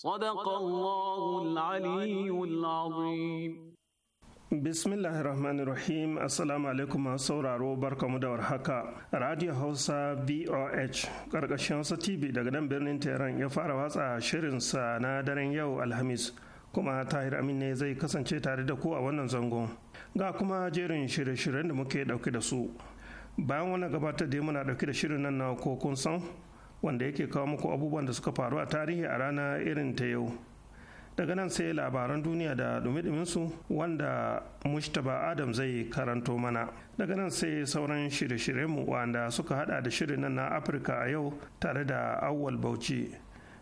صدق الله العلي العظيم Bismillahir Rahmanir Rahim Assalamu alaikum masu sauraro barkamu da warhaka. Radio Hausa VOH karkashin Hausa TV daga nan birnin Tehran ya fara watsa shirin sa na daren yau Alhamis kuma Tahir Amin ne zai kasance tare da ku a wannan zangon. Ga kuma jerin shirye-shiryen da muke ɗauke da su. Bayan wannan gabatar da muna dauke da shirin nan na ko kun san wanda yake kawo muku abubuwan da suka faru a tarihi a rana irin ta yau daga nan sai labaran duniya da dumi su wanda mushtaba adam zai karanto mana daga nan sai sauran shirye-shiryenmu wanda suka hada da shirin nan na afirka a yau tare da awwal bauchi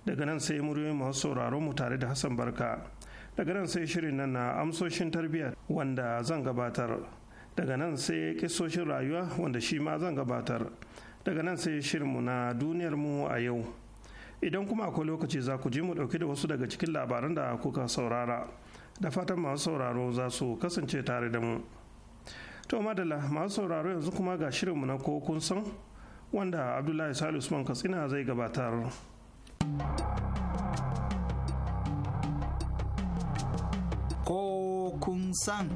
daga nan sai muryoyin masu sauraron mu tare da hassan barka daga nan sai shirin nan na amsoshin tarbiyya wanda zan gabatar daga nan sai kisoshin rayuwa wanda shi ma zan gabatar daga nan sai shirinmu na duniyar mu a yau idan kuma akwai lokaci za ku ji mu dauke da wasu daga cikin labaran da kuka saurara da fatan masu sauraro za su kasance tare da mu to madalla masu sauraro yanzu kuma ga shirinmu na ko kun san wanda abdullahi salisu usman katsina zai gabatar ko kun san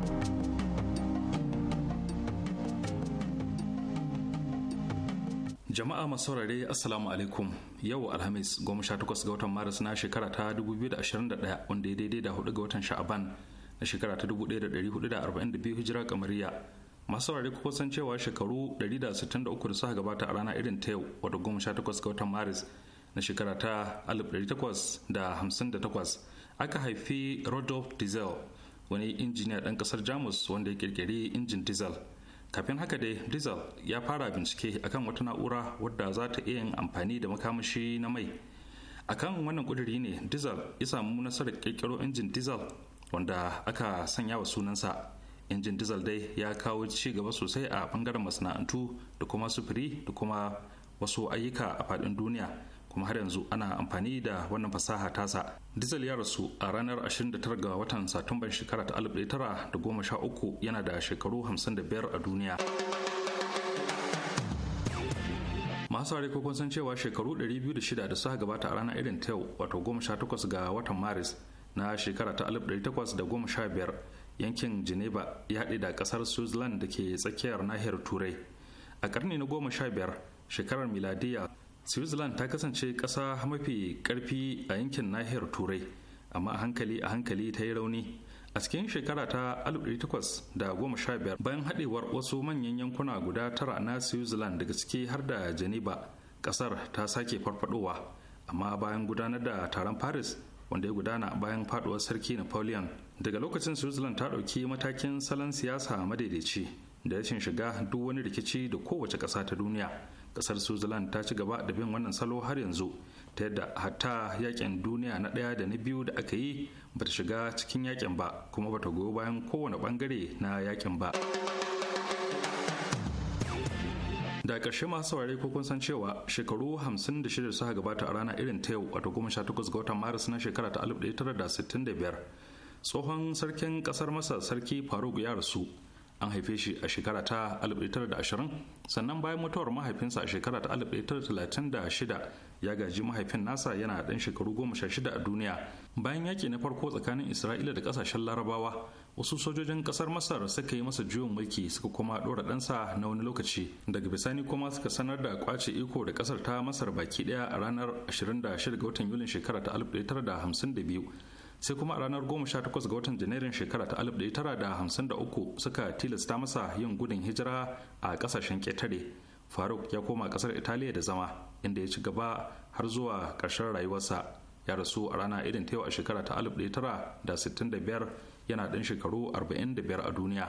Jama'a masu saurare Assalamu alaikum yau Alhamis sha takwas ga watan Maris na shekara ta 2021 wanda ya daidai da hudu ga watan Sha'aban na shekara ta 1442 hijira kamariya. Masu saurare kuka san cewa shekaru 163 da suka gabata a rana irin ta yau wato takwas ga watan Maris na shekara ta 1858 aka haifi Rodolphe Diesel wani injiniya ɗan ƙasar Jamus wanda ya kirkiri injin diesel. kafin haka dai diesel ya fara bincike akan wata na'ura wadda za ta iya yin amfani da makamashi na mai akan wannan kuduri ne diesel ya samu nasarar kirkiro injin diesel wanda aka sanya wa sunansa injin diesel dai ya kawo ci gaba sosai a bangaren masana'antu da kuma sufuri da kuma wasu ayyuka a faɗin duniya kuma har yanzu ana amfani da wannan fasaha tasa diesel ya rasu a ranar 29 ga watan satumban shekara ta 1913 yana da shekaru 55 a duniya masu ko kun san cewa shekaru 206 da suka gabata a ranar irin ta yau wato 18 ga watan maris na shekara ta 1815 yankin geneva ya haɗe da ƙasar switzerland da ke tsakiyar nahiyar turai a ƙarni na 15 shekarar miladiya switzerland ta kasance ƙasa mafi ƙarfi a yankin nahiyar turai amma a hankali a hankali ta yi rauni a cikin shekara ta 1815 bayan haɗewar wasu manyan yankuna guda tara na switzerland daga ciki har da geneva ƙasar ta sake farfadowa amma bayan gudanar da taron paris wanda ya gudana bayan faduwar sarki napoleon daga lokacin switzerland ta ɗauki matakin salon siyasa madaidaici da rashin shiga duk wani rikici da kowace ƙasa ta duniya kasar switzerland ta ci gaba da bin wannan salo har yanzu ta yadda hatta yakin duniya na ɗaya da na biyu da aka yi ba ta shiga cikin yakin ba kuma ba ta goyo bayan kowane bangare na yakin ba da ƙarshe masu saurari ko kun san cewa shekaru 56 suka gabata a rana irin ta yau wato 18 ga watan maris na shekara ta 1965 tsohon sarkin kasar masa sarki faruk ya rasu an haife shi a shekara ta 1920 sannan bayan mutuwar mahaifinsa a shekara ta 1936 ya gaji mahaifin nasa yana dan shekaru 16 a duniya bayan yaki na farko tsakanin isra'ila da kasashen larabawa wasu sojojin ƙasar masar suka yi masa juyin mulki suka kuma ɗora ɗansa na wani lokaci daga bisani kuma suka sanar da kwace iko da kasar ta masar baki ɗaya a ranar 26 ga watan yulin shekara ta 1952 sai kuma a ranar 18 ga watan janairun shekara ta 1953 suka tilasta masa yin gudun hijira a kasashen ketare faruk ya koma kasar italiya da zama inda ya ci gaba har zuwa ƙarshen rayuwarsa ya rasu a rana irin ta yau a shekara ta 1965 yana ɗan shekaru 45 a duniya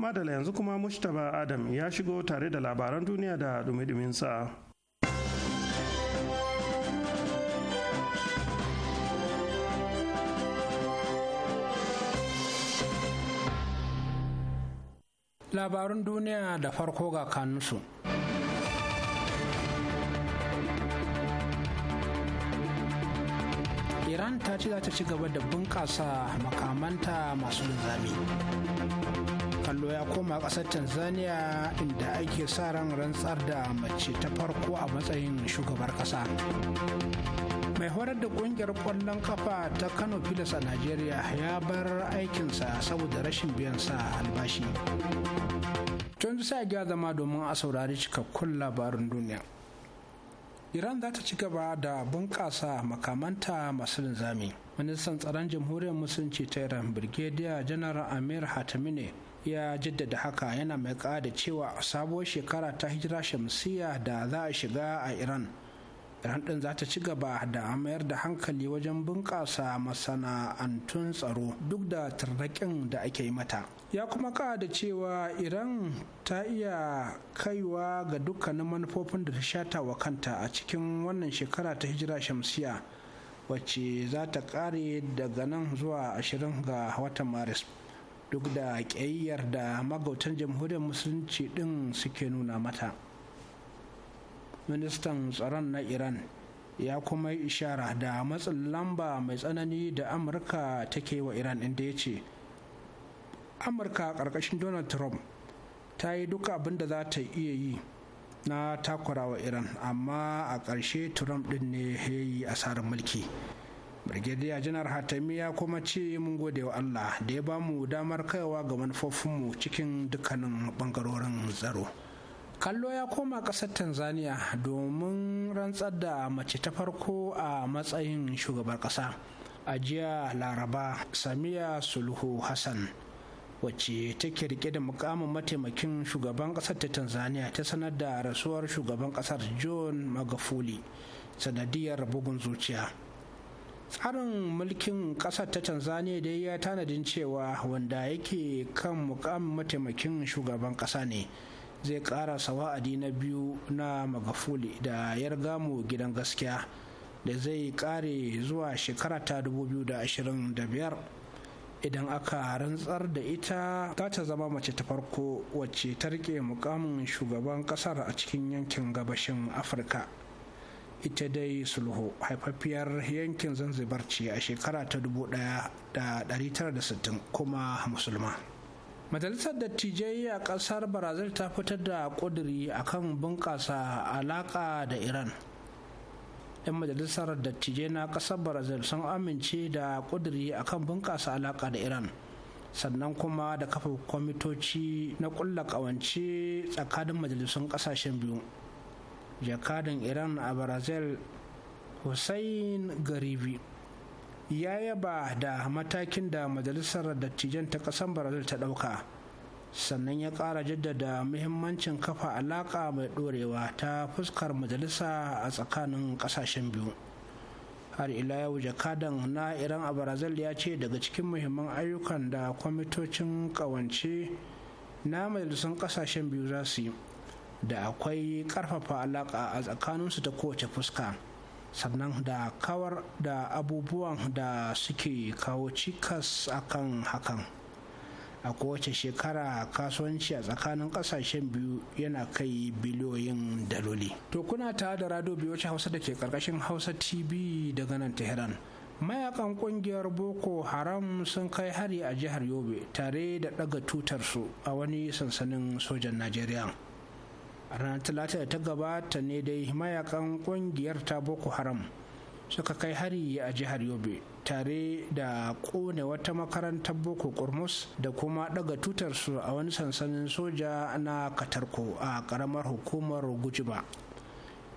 madala yanzu kuma mustapha adam ya shigo tare da labaran duniya da dumi duminsa labarun duniya da farko ga kanunsu iran ta ci za ta ci gaba da bunƙasa makamanta masu linzami kwallo ya koma ƙasar tanzania inda ake sa ran rantsar da mace ta farko a matsayin shugabar ƙasa mai horar da ƙungiyar ƙwallon kafa ta kano pilas a najeriya ya bar aikinsa saboda rashin biyan sa albashi Tun sai a zama domin a saurari cikakkun labarin duniya iran za ta ci gaba da bunƙasa makamanta masu linzami ministan tsaron jamhuriyar musulunci ta iran brigadier general amir hatamine ya jaddada haka yana mai da cewa sabuwar shekara ta hijira shamsiyya da za a shiga a iran iran din za ta ci gaba da mayar da hankali wajen bunƙasa masana'antun tsaro duk da tarraƙin da ake yi mata ya kuma da cewa iran ta iya kaiwa ga dukkanin manufofin da ta shata wa kanta a cikin wannan shekara ta hijira shamsiya wacce za ta ƙare daga nan zuwa ashirin ga watan maris duk da ƙayyar da magautan jamhuriyar musulunci ɗin suke nuna mata ministan tsaron na iran ya kuma yi ishara da matsin lamba mai tsanani da amurka take wa iran inda ya ce amurka ƙarƙashin donald trump ta yi duka abinda za ta iya yi na takurawa iran amma a ƙarshe trump ɗin ne ya yi asarar mulki Brigadier janar Hatami ya kuma ce mun gode wa Allah da ya bamu damar kaiwa ga manufofinmu cikin dukkanin bangarorin tsaro. Kallo ya koma ƙasar Tanzania domin rantsar da mace ta farko a matsayin shugabar ƙasa. A jiya Laraba Samiya Sulhu Hassan wacce take rike da mukamin mataimakin shugaban ƙasar ta Tanzania ta sanar da rasuwar shugaban ƙasar John Magafuli sanadiyar bugun zuciya. tsarin mulkin ƙasar ta tanzania dai ya tanadin cewa wanda yake kan mukamin mataimakin shugaban ƙasa ne zai ƙara sawa'adi na biyu na magafuli da 'yar gamu gidan gaskiya da zai ƙare zuwa shekara ta 2025 idan aka rantsar da ita ta ta zama mace ta farko wacce ta riƙe mukamin shugaban ƙasar a cikin yankin gabashin afirka ita dai sulhu haifaffiyar yankin zanzibar ce a shekara ta 1960 kuma musulma majalisar dattijai a kasar brazil ta fitar da kuduri akan bunƙasa alaƙa da iran 'yan majalisar dattijai na kasar brazil sun amince da kuduri akan bunƙasa alaƙa da iran sannan kuma da kafa kwamitoci na ƙulla ƙawance tsakanin majalisun ƙasashen biyu jakadan iran a brazil hussein garibi ya yaba da matakin da majalisar dattijan ta kasan brazil ta ɗauka sannan ya kara jaddada muhimmancin kafa alaka mai dorewa ta fuskar majalisa a tsakanin kasashen biyu har ila yau jakadan na iran a brazil ya ce daga cikin muhimman ayyukan da kwamitocin kawance na majalisun kasashen biyu za su yi da akwai ƙarfafa alaka a tsakaninsu ta kowace fuska sannan da kawar da abubuwan da suke kawo cikas akan hakan a kowace shekara kasuwanci a tsakanin kasashen biyu yana kai biliyoyin daloli to kuna ta da rado biyu wacce hausa da ke karkashin hausa tv daga nan tehran mayakan kungiyar boko haram sun kai hari a jihar yobe tare da daga tutarsu a wani sansanin sojan najeriya a ranar talata da ta gabata ne dai mayakan kungiyar ta boko haram suka kai hari a jihar yobe tare da kone wata makarantar boko kurmus da kuma daga tutarsu a wani sansanin soja na katarko a karamar hukumar gujiba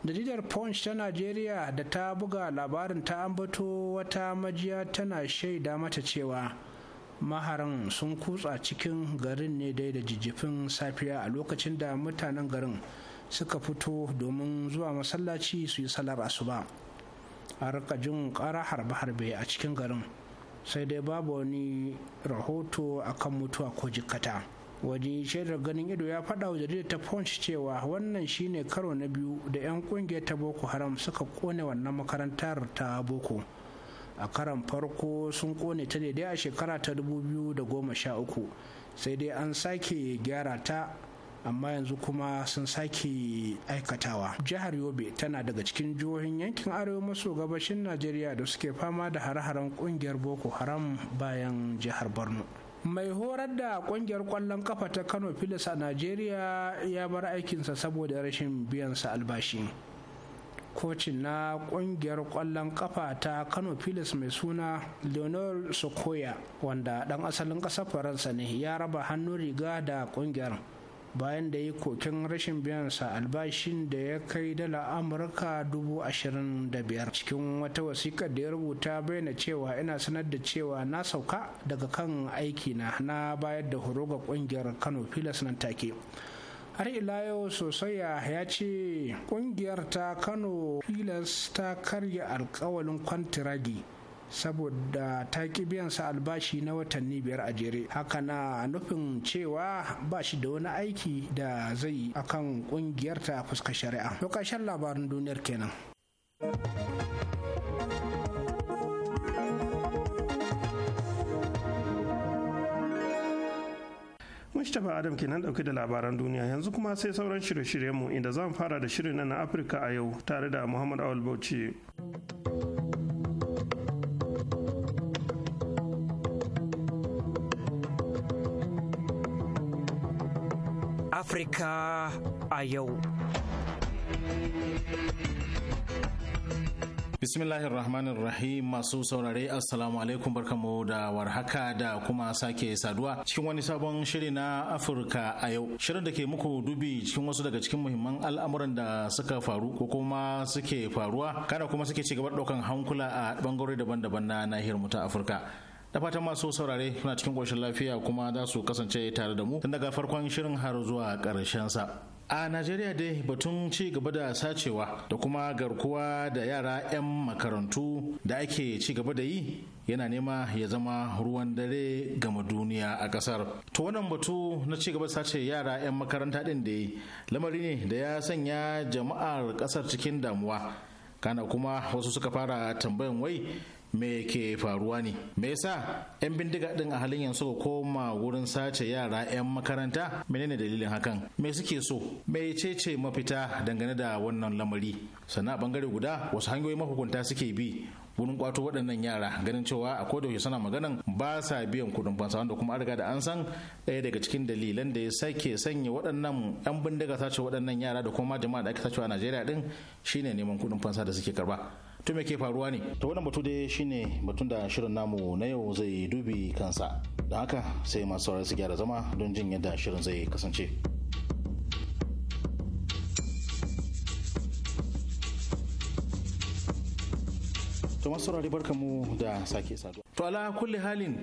jaridar punch ta najeriya da ta buga labarin ta ambato wata majiya tana shaida mata cewa maharan sun kutsa cikin garin ne dai da jijjifin safiya a lokacin da mutanen garin suka fito domin zuwa masallaci su yi salar asuba a rika jin ƙara harbe-harbe a cikin garin sai dai babu wani rahoto akan mutuwa ko jikkata waje shaidar ganin ido ya faɗa wa jaridar ta punch cewa wannan shine karo na biyu da 'yan ƙungiyar ta boko haram suka kone wannan makarantar ta boko a karan farko sun kone ta daidai a shekara ta 2013 sai dai an sake gyara ta amma yanzu kuma sun sake aikatawa jihar yobe tana daga cikin jihohin yankin arewa maso gabashin najeriya da suke fama da hare-haren kungiyar boko haram bayan jihar borno mai horar da kungiyar kwallon kafa ta kano filis a najeriya ya bar aikinsa saboda rashin biyansa albashi kocin na kungiyar kwallon kafa ta kano Pillars mai suna leonor sokoya wanda dan asalin kasar faransa ne ya raba hannu riga da kungiyar bayan da ya kokin rashin biyansa albashin da ya kai dala amurka dubu ashirin da biyar cikin wata wasiƙar da ya rubuta bayyana cewa ina sanar da cewa na sauka daga kan aiki na bayar da horo ga kungiyar kano phillips nan take har ila yau sosaiya ya ce kungiyar ta kano pilas ta karya alkawalin kwantiragi saboda ta ƙi biyansa albashi na watanni biyar a jere haka na nufin cewa ba shi da wani aiki da zai yi akan kungiyar ta fuska shari'a lokacin labarin duniyar kenan mustapha adam kenan dauke da labaran duniya yanzu kuma sai sauran shirye-shiryenmu inda zan fara da shirin na afirka a yau tare da muhammad awal bauchi afirka a yau Bismillahir Rahmanir Rahim masu saurare Assalamu alaikum barkamu da warhaka da kuma sake saduwa cikin wani sabon shiri na Afirka a yau. Shirin da ke muku dubi cikin wasu daga cikin muhimman al'amuran da suka faru ko kuma suke faruwa kana kuma suke ci gaba daukan hankula a bangarori daban-daban na nahiyar mu ta Afirka. Da fatan masu saurare suna cikin ƙoshin lafiya kuma za su kasance tare da mu tun daga farkon shirin har zuwa ƙarshen sa. a najeriya dai batun ci gaba da sacewa da kuma garkuwa da yara 'yan makarantu da ake ci gaba da yi yana nema ya zama ruwan dare gama duniya a kasar to wannan batu na ci gaba sace yara 'yan makaranta ɗin da yi lamari ne da ya sanya jama'ar kasar cikin damuwa kana kuma wasu suka fara tambayan wai me ke faruwa ne me yasa 'yan bindiga din a halin yanzu ko koma wurin sace yara 'yan makaranta menene dalilin hakan me suke so me ce mafita dangane da wannan lamari sannan a bangare guda wasu hanyoyi mahukunta suke bi wurin kwato waɗannan yara ganin cewa a koda yaushe suna maganan ba sa biyan kuɗin fansa wanda kuma an da an san ɗaya daga cikin dalilan da ya sake sanya waɗannan yan bindiga sace waɗannan yara da kuma jama'a da ake sace a Najeriya din shine neman kuɗin fansa da suke karba to me ke faruwa ne to wannan batu dai shine batun da shirin namu na yau zai dubi kansa don haka sai masu saurari su gyara zama don jin yadda shirin zai kasance to masu saurari barkamu da sake saduwa to ala kulli halin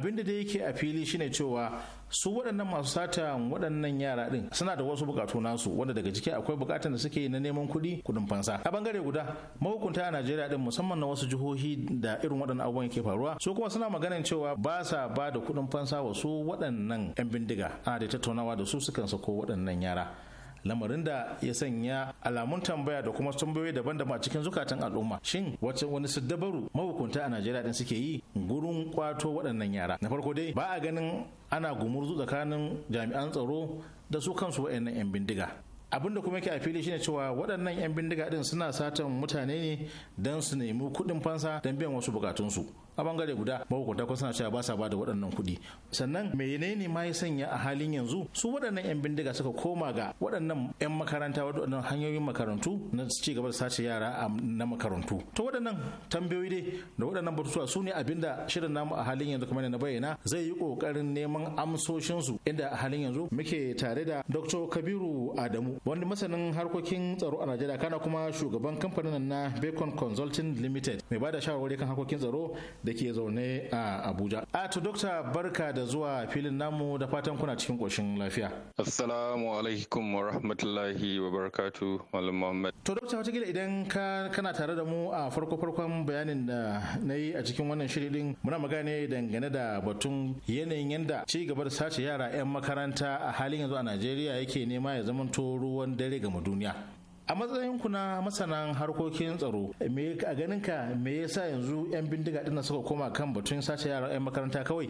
abinda da yake a fili shine cewa su waɗannan masu sata waɗannan yara ɗin suna da wasu bukatu nasu wanda daga ciki akwai bukatan da suke na neman kuɗi kuɗin fansa a bangare guda mahukunta a najeriya ɗin musamman na wasu jihohi da irin waɗannan abubuwan ke faruwa su kuma suna maganin cewa ba sa ba da kuɗin fansa wasu waɗannan 'yan bindiga ana da tattaunawa da su sukan sako waɗannan yara lamarin da ya sanya alamun tambaya da kuma tambayoyi daban-daban cikin zukatan al'umma shin wace wani su dabaru mahukunta a najeriya din suke yi gurin kwato waɗannan yara na farko dai ba a ganin ana gumurzu tsakanin jami'an tsaro da su kansu waɗannan 'yan bindiga abin da kuma yake a fili shine cewa waɗannan 'yan bindiga din suna satan mutane ne don su nemi kuɗin fansa don biyan wasu bukatunsu a bangare guda mahukunta kun suna cewa ba sa ba da waɗannan kuɗi sannan menene ma ya sanya a halin yanzu su waɗannan 'yan bindiga suka koma ga waɗannan 'yan makaranta waɗannan hanyoyin makarantu na ci gaba da sace yara na makarantu to waɗannan tambayoyi dai da waɗannan batutuwa su ne abinda shirin namu a halin yanzu kamar na bayyana zai yi ƙoƙarin neman amsoshinsu inda a halin yanzu muke tare da dr kabiru adamu wani masanin harkokin tsaro a najeriya kana kuma shugaban kamfanin na bacon consulting limited mai ba da shawarwari kan harkokin tsaro da ke zaune a Abuja. A to dokta barka da zuwa filin namu da fatan kuna cikin ƙoshin lafiya. Assalamu alaikum wa rahmatullahi wa barakatu Malam Muhammad. To dokta watakila idan ka kana tare da mu a farko farkon bayanin da na yi a cikin wannan shiri din muna magana ne dangane da batun yanayin yanda ci gaba da sace yara 'yan makaranta a halin yanzu a Najeriya yake nema ya zamanto ruwan dare ga duniya. a matsayin ku na masanan harkokin tsaro a ganinka me yasa yanzu yan bindiga dinnan suka koma kan batun sace yaran yan makaranta kawai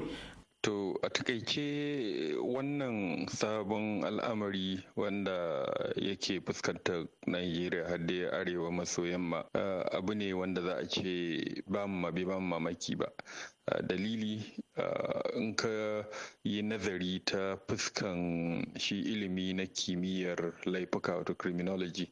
To a takaice wannan sabon al'amari wanda yake fuskantar Najeriya har da arewa maso yamma abu ne wanda za a ce ba mu mabe ba mu mamaki ba. Dalili in ka yi nazari ta fuskan shi ilimi na kimiyyar laifuka wato criminology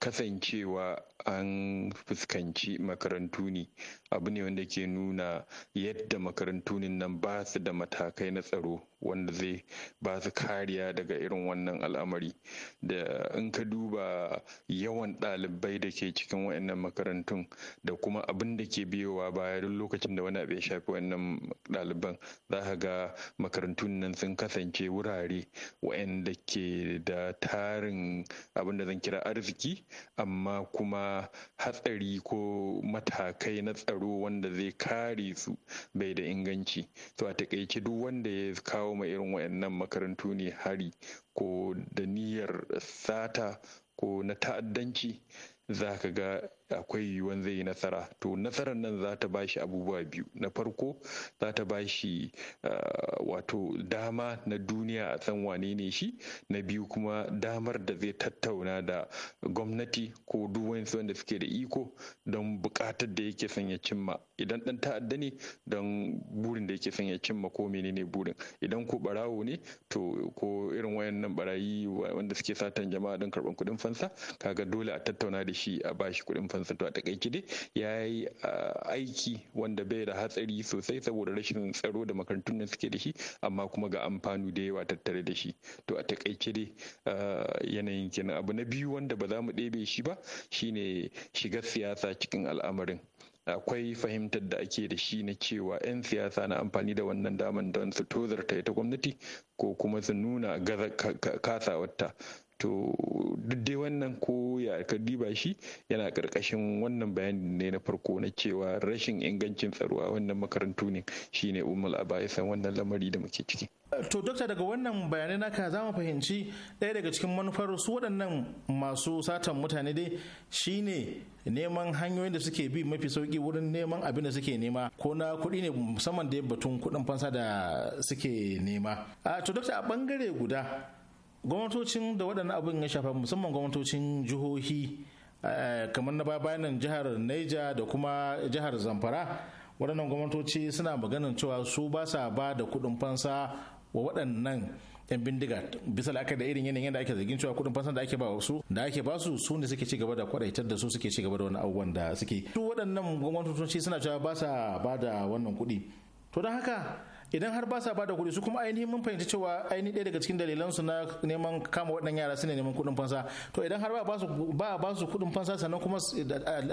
kasancewa an fuskanci makarantu ne abu ne wanda ke nuna yadda makarantu nan ba su da matakai na tsaro wanda zai ba su kariya daga irin wannan al'amari da in ka duba yawan ɗalibai da ke cikin wa'annan makarantun da kuma abin da ke biyowa baya duk lokacin da wani abu ya shafi wannan ɗaliban za ka ga makarantu nan sun kasance wurare waɗanda ke da tarin abin da zan kira arziki amma kuma hatsari ko matakai na tsaro wanda zai kare su bai da inganci to a takaice duk wanda ya kawo ma irin waɗannan makarantu ne hari ko da niyyar sata ko na ta'addanci za ka ga akwai yiwuwan zai yi nasara to nasarar nan za ta bashi abubuwa biyu na farko za ta bashi ah, wato dama na duniya a san wane ne shi na biyu kuma damar da zai tattauna da gwamnati ko duk wani wanda suke da iko don bukatar da yake son ya cimma idan dan ta'adda ne don burin da yake son ya cimma ko menene burin idan ko barawo ne to ko irin wayannan barayi wanda suke satan jama'a don karban kudin fansa kaga dole a tattauna da shi a bashi kudin fansa kansa to a takaice dai ya yi aiki wanda bai da hatsari sosai saboda rashin tsaro da makarantun nan suke da shi amma kuma ga amfani da yawa tattare da shi to a takaice dai yanayin kenan abu na biyu wanda ba za mu ɗebe shi ba shine shigar siyasa cikin al'amarin akwai fahimtar da ake da shi na cewa 'yan siyasa na amfani da wannan daman don su tozarta ita gwamnati ko kuma su nuna gaza kasawarta to duk dai wannan ko ya ka diba shi yana karkashin wannan bayani ne na farko na cewa rashin ingancin tsaro a wannan makarantu ne shine umul abaisan wannan lamari da muke ciki to dokta daga wannan bayanai naka za mu fahimci ɗaya daga cikin manufar su waɗannan masu satan mutane dai shine neman hanyoyin da suke bi mafi sauki wurin neman abin da suke nema ko na kuɗi ne musamman da batun kuɗin fansa da suke nema a to dokta a bangare guda gwamnatocin da waɗannan abin ya shafa musamman gwamnatocin jihohi eh, kamar na babanin jihar Neja da kuma jihar Zamfara waɗannan gwamnatoci suna maganin cewa su ba sa ba da kuɗin fansa wa waɗannan 'yan bindiga bisa la'akari da irin yanayin da ake zargin cewa kudin fansa da ake ba su da ake ba su su ne suke ci da kwadaitar da su suke ci gaba da wani abubuwan da suke su waɗannan gwamnatoci suna cewa ba sa ba da wannan kuɗi to don haka idan har ba sa bada kuɗi su kuma ainihin mun fahimci cewa ainihin ɗaya daga cikin dalilan su na neman kama waɗannan yara suna neman kuɗin fansa to idan har ba su ba su kuɗin fansa sannan kuma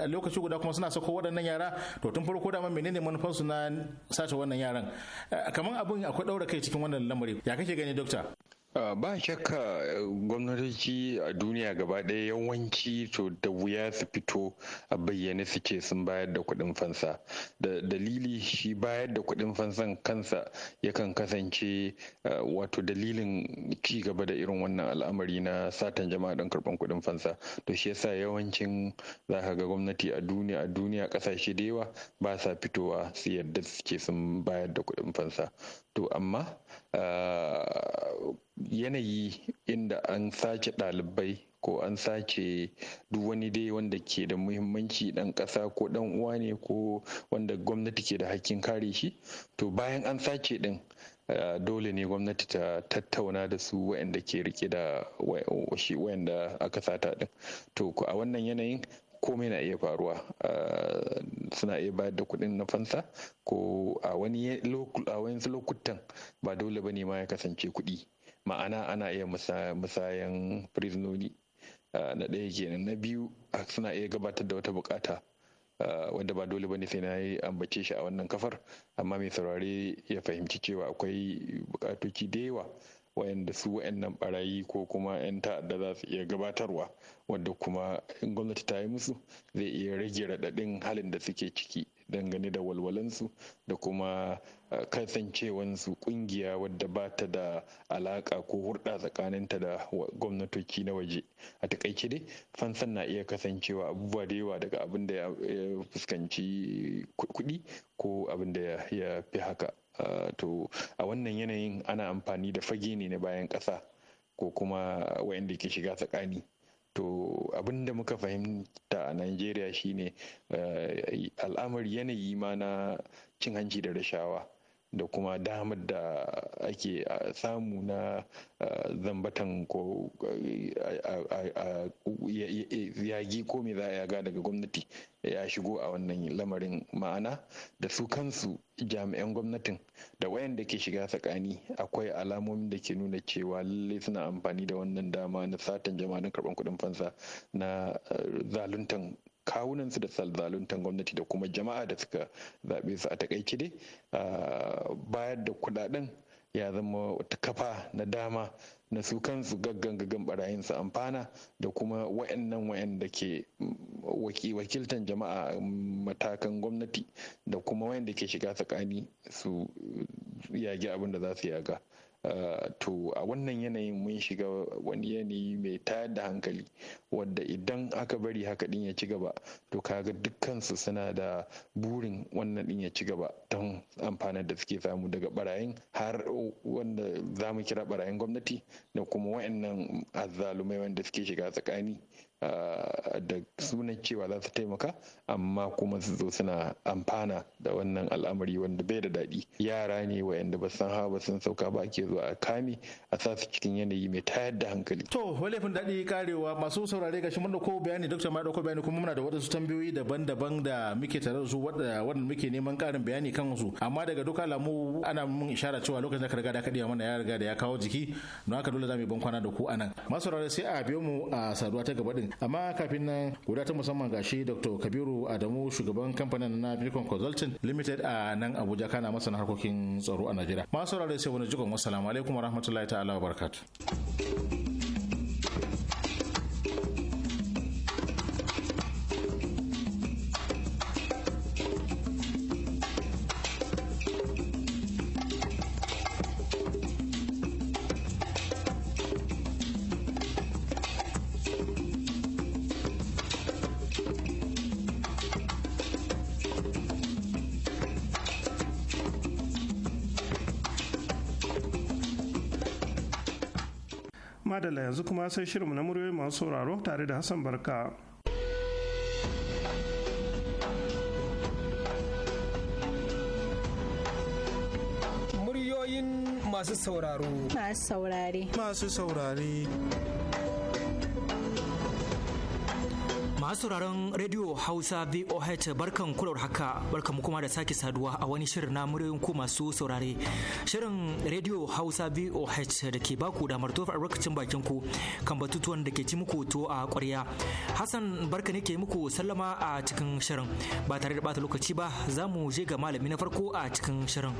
a lokaci guda kuma suna sako waɗannan yara to tun farko da man menene manufar su na sace wannan yaran eh, kamar abun akwai ɗaura kai cikin wannan lamari ya kake gani dokta Ah, ba shakka gwamnatoci a duniya gaba ɗaya yawanci to da wuya su fito a bayyane su ce sun bayar da kuɗin fansa da dalili shi bayar da kuɗin fansan kansa yakan kasance ah, wato dalilin ci gaba da irin wannan al'amari na satan jama'a don karɓan kuɗin fansa to shi yasa yawancin za ka ga gwamnati a duniya a duniya ƙasashe da yawa ba sa fitowa su yarda su sun bayar da kuɗin fansa to amma Eh, yanayi inda an sace ɗalibai ko an sake duk wani dai wanda ke da muhimmanci ɗan ƙasa ko ɗan uwa ne ko wanda gwamnati ke da hakkin kare shi to bayan an sake ɗin eh, dole ne gwamnati ta tattauna da su waɗanda ke rike da waɗanda aka sata ɗin to a wannan yanayin komai na iya faruwa ah, suna iya bayar da kuɗin na fansa ko a wani lokutan ba dole ba ne ma ya kasance kuɗi ma'ana ana iya musayan prisonoli ah, na ɗaya kenan na biyu suna iya gabatar da wata bukata ah, wanda ba dole ba ne sai na yi ambace shi a wannan kafar amma mai saurare ya fahimci cewa akwai bukatoci da yawa wa'anda su wayannan barayi ko kuma 'yan ta'adda za su iya gabatarwa wadda kuma in gwamnati ta yi musu zai iya rage raɗaɗin halin da suke ciki dangane da walwalansu da kuma kasancewansu ƙungiya wadda ba ta da alaƙa ko hurɗa tsakaninta da gwamnatoci na waje a takaice dai fansan na iya kasancewa abubuwa da yawa daga abin da ya fuskanci kuɗi ko abin da ya fi haka Eh, to a wannan yanayin ana amfani da fage ne na bayan ƙasa ko kuma wayanda ke shiga tsakani to abinda muka fahimta a najeriya shine eh, al'amar yanayi ma na cin hanci da rashawa da kuma damar da ake samu na zambatan ko yagi ko me za a yaga daga gwamnati ya shigo a wannan lamarin ma'ana da su kansu jami'an gwamnatin da wayanda ke shiga tsakani akwai alamomin da ke nuna cewa lallai suna amfani da wannan dama na satan jama'an na karban kuɗin fansa na zaluntan kawunansu da zaluntan gwamnati da kuma jama'a da suka zaɓe su a takaice dai bayar da kuɗaɗen ya zama wata kafa na dama na su kansu gaggan gaggan barayin su amfana da kuma wayannan wayanda ke mm, wakiltan jama'a matakan gwamnati da kuma wayanda ke shiga tsakani su yage abin da za su yaga Eh, to a wannan yanayin mun shiga wani yanayi mai tayar da hankali wadda idan aka bari haka din ya ci gaba to kaga dukkansu suna da burin wannan din ya ci gaba don amfanin da suke samu daga barayin har wanda za kira barayin gwamnati da kuma wayannan azzalumai wanda suke shiga tsakani Eh, da sunan cewa za su taimaka amma kuma su zo suna amfana da wannan al'amari wanda bai da daɗi yara ne wayanda ba san hawa ba sun sauka ba ke zuwa a kame a sa su cikin yanayi mai tayar da hankali to walefin daɗi karewa masu saurare ga shi mun ko bayani dr ma dauko bayani kuma muna da wadansu tambayoyi daban-daban da muke tare da su wadanda muke neman ƙarin bayani kan su amma daga duka alamu ana mun ishara cewa lokacin da ka riga da ka mana ya riga da ya kawo jiki don haka dole za mu yi bankwana da ku anan masu saurare sai a biyo mu a saduwa ta gaba din amma kafin nan guda ta musamman ga gashi dr kabiru adamu shugaban kamfanin na bikon consulting limited a nan abuja kana masana harkokin tsaro a najeriya masu saurare sai wani jikon wasu alaikum warahmatullahi ta'ala wa barakatuh madalla yanzu kuma sai shirinmu na muryoyi masu sauraro tare da Hassan Barka. Muryoyin masu sauraro. Masu saurare. Masu saurare. masu sauraron rediyo hausa voh barkan kular haka barkan kuma da sake saduwa a wani shirin na muryoyin ku masu saurare shirin rediyo hausa voh da ke baku damar tofa albarkacin bakin ku kan batutuwan da ke ci muku to a kwarya hassan barka ne ke muku sallama a cikin shirin ba tare da bata lokaci ba za mu je ga malami na farko a cikin shirin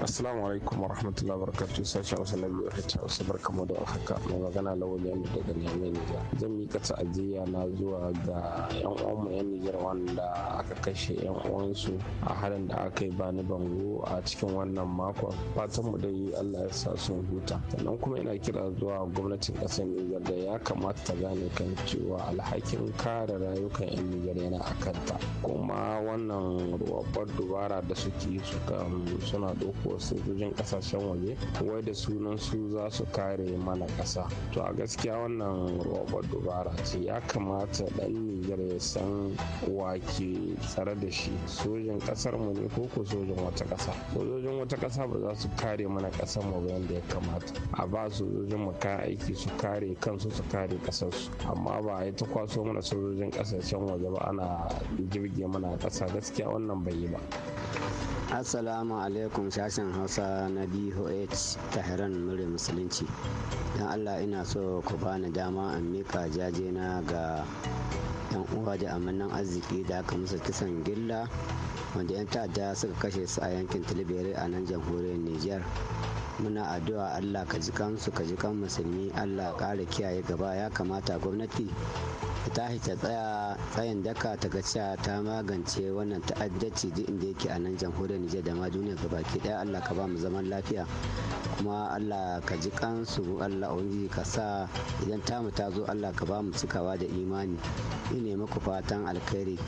assalamu alaikum wa rahmatullahi wa barakatu sashen wasu na voh hausa barkan mu da haka mai magana lawal yamma daga niamey nijar zan miƙa ta'aziyya na zuwa ga yan uwanmu yan nijar wanda aka kashe yan uwansu a harin da aka yi bani bango a cikin wannan makon fatan mu dai allah ya sa sun huta sannan kuma ina kira zuwa gwamnatin ƙasar nijar da ya kamata ta gane kan cewa alhakin kare rayukan yan nijar yana a kanta kuma wannan babbar dubara da suke suka suna su sojojin kasashen waje wai da sunan su za su kare mana ƙasa to a gaskiya wannan babbar dubara ce ya kamata ɗan yar ya san wake tsare da shi sojan kasar mu ne ko sojan wata kasa sojojin wata kasa ba za su kare mana kasar mu yadda ya kamata a ba sojojin mu kayan aiki su kare kansu su kare kasar su amma ba a yi ta kwaso mana sojojin kasashen waje ba ana jirge mana kasa gaskiya wannan bai yi ba Assalamu alaikum sashen Hausa na BOH Tahiran Murya Musulunci. Don Allah ina so ku bani dama an mika jaje na ga yan uwa da amannan arziki da aka musu kisan gilla wanda yan ta'adda suka kashe su a yankin tilibere a nan jamhuriyar nijar muna addu'a allah ka ji kansu ka ji kan musulmi allah ƙara kiyaye gaba ya kamata gwamnati ta tashi ta tsaya tsayin daka ta ga cewa ta magance wannan ta'addaci duk inda yake a nan jamhuriyar Nijar da ma duniya ga baki daya Allah ka ba mu zaman lafiya kuma Allah ka ji kansu Allah ubangiji ka sa idan ta mu ta zo Allah ka ba mu cikawa da imani ina muku fatan alkhairi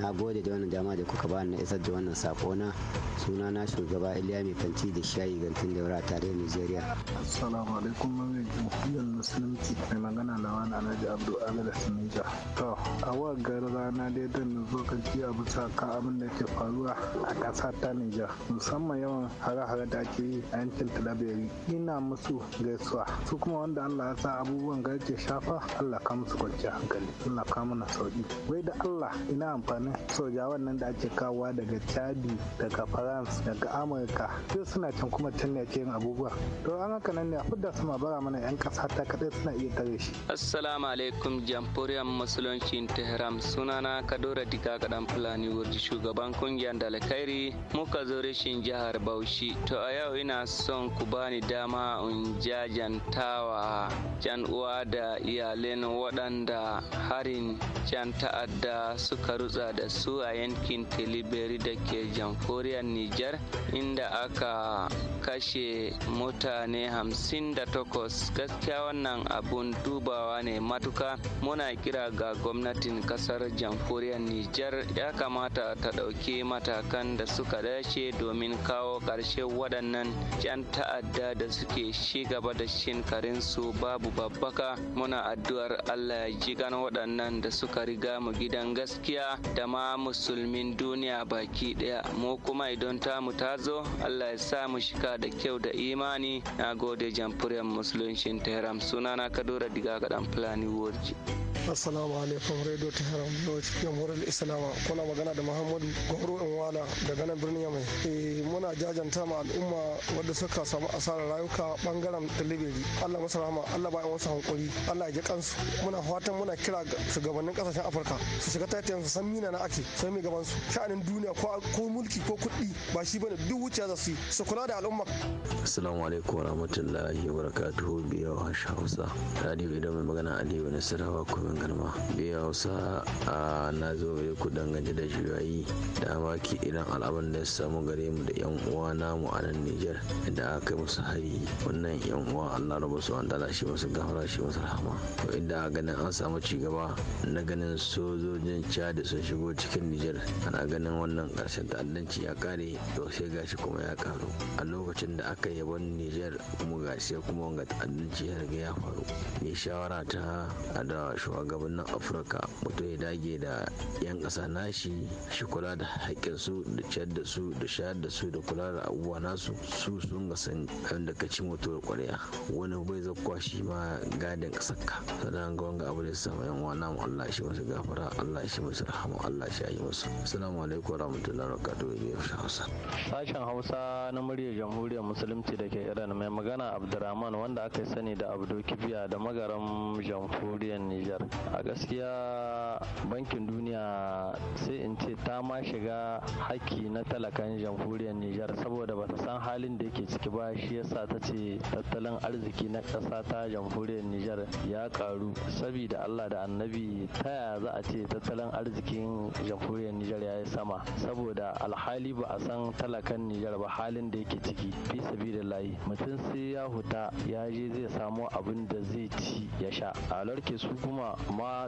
na gode da wannan dama da kuka ba na isar da wannan sako na suna na shugaba Iliya mai fanti da shayi da wura tare da Nijeriya assalamu alaikum mamaye jamhuriyar musulunci mai magana lawan Alhaji Abdul da Sanai Abuja. To, a wagar rana dai dan lokaci a bisa ka abin da ke faruwa a ƙasa ta Nijar, musamman yawan hare-hare da ake yi a yankin Talabiri. Ina musu gaisuwa. Su kuma wanda Allah ya sa abubuwan ga ke shafa, Allah ka musu kwanciya hankali. Allah ka mana sauki. Wai da Allah ina amfanin sojawan nan da ake kawowa daga Chadi, daga France, daga Amurka. Sai suna can kuma can ne ake yin abubuwa. To an haka nan ne a fudda su ma bara mana 'yan ƙasa ta kaɗai suna iya tare shi. Assalamu alaikum jamhuriyar jamhuriyar musuluncin tehran sunana kadora diga gadan fulani wurji shugaban kungiyar dalakairi muka zo rashin jihar bauchi to a yau ina son ku bani dama in jajantawa jan uwa da iyalen waɗanda harin jan ta'adda suka rutsa da su a yankin tiliberi da ke jamhuriyar niger inda aka kashe mutane hamsin da takwas gaskiya wannan abun dubawa ne matuka muna kira kira ga gwamnatin kasar jamhuriyar Nijar ya kamata ta ɗauki matakan da suka dace domin kawo ƙarshe waɗannan jan ta'adda da suke shi gaba da shinkarin su, babu babbaka muna addu'ar Allah ya ji waɗannan da suka riga mu gidan gaskiya da ma musulmin duniya baki ɗaya mu kuma idan tamu ta zo Allah ya sa mu shika da kyau da imani na gode jamhuriyar musuluncin tehran sunana kadura diga gadan fulani warji. assalamu alaikum radio ta haram jamhuriyar islama kuna magana da muhammadu gwaro in wala daga nan birnin yamai eh, muna jajanta ma al'umma wadda suka samu asarar rayuka bangaren delivery allah masu rahama allah ba wasu hankuri allah ya kansu muna fatan muna kira shugabannin kasashen afirka su shiga taitayen su san mina na ake sai mai gaban su sha'anin duniya ko mulki ko kuɗi ba shi bane duk wuciya za su yi su kula da al'umma assalamu alaikum warahmatullahi wa biyo hausa radio idan mai magana aliyu nasarawa kuma garma biya hausa a na zo gare ku da shirayi da amaki idan al'aban da ya samu gare mu da yan uwa namu a nan nijar da aka musu hari wannan yan uwa allah rabu su an dala shi musu gafara shi musu rahama to inda ganin an samu cigaba na ganin sojojin chad sun shigo cikin nijar ana ganin wannan karshen ta'addanci ya kare to sai gashi kuma ya karu a lokacin da aka yi yabon nijar kuma gashi kuma wanga ta'addanci ya riga ya faru mai shawara ta adawa shugaban shugabannin afirka mutum ya dage da 'yan ƙasa nashi shi kula da haƙƙin su da ciyar da su da shayar da su da kula da abubuwa nasu su sun ga san da ka ci mutuwar ƙwarya wani bai zakwa shi ma gadin ƙasar ka sannan ga wanga abu da su samu yan uwa namu Allah shi musu gafara Allah shi musu rahama Allah shi yi musu assalamu alaikum wa rahmatullahi warahmatullahi wabarakatuh da yaushe Hausa sashen Hausa na muryar jamhuriyar musulunci da ke Iran mai magana Abdurrahman wanda aka sani da Abdul Kibiya da magaran jamhuriyar Nijar a gaskiya bankin duniya sai in ce ta ma shiga haƙƙi na talakan jamhuriyar nijar saboda bata san halin da yake ciki ba shi yasa ta ce tattalin arziki na ƙasa ta jamhuriyar nijar ya ƙaru. saboda allah da annabi ta yaya za a ce tattalin arzikin jamhuriyar nijar ya yi sama saboda alhali ba a san talakan nijar ba halin da yake ciki fi sabida layi. mutum sai ya huta ya je zai samo abin da zai ci ya sha a larke su kuma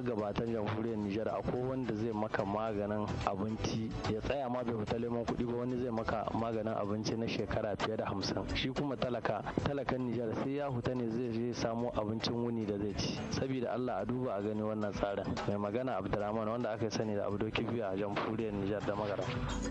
gabatan jamhuriyar Nijar akwai wanda zai maka maganin abinci ya tsaya ma bai fita neman kuɗi ba wani zai maka maganin abinci na shekara fiye da hamsin shi kuma talaka talakan Nijar sai ya huta ne zai je samo abincin wuni da zai ci saboda Allah a duba a gani wannan tsarin mai magana Abdulrahman wanda aka sani da Abdo Kibiya a jamhuriyar Nijar da Magara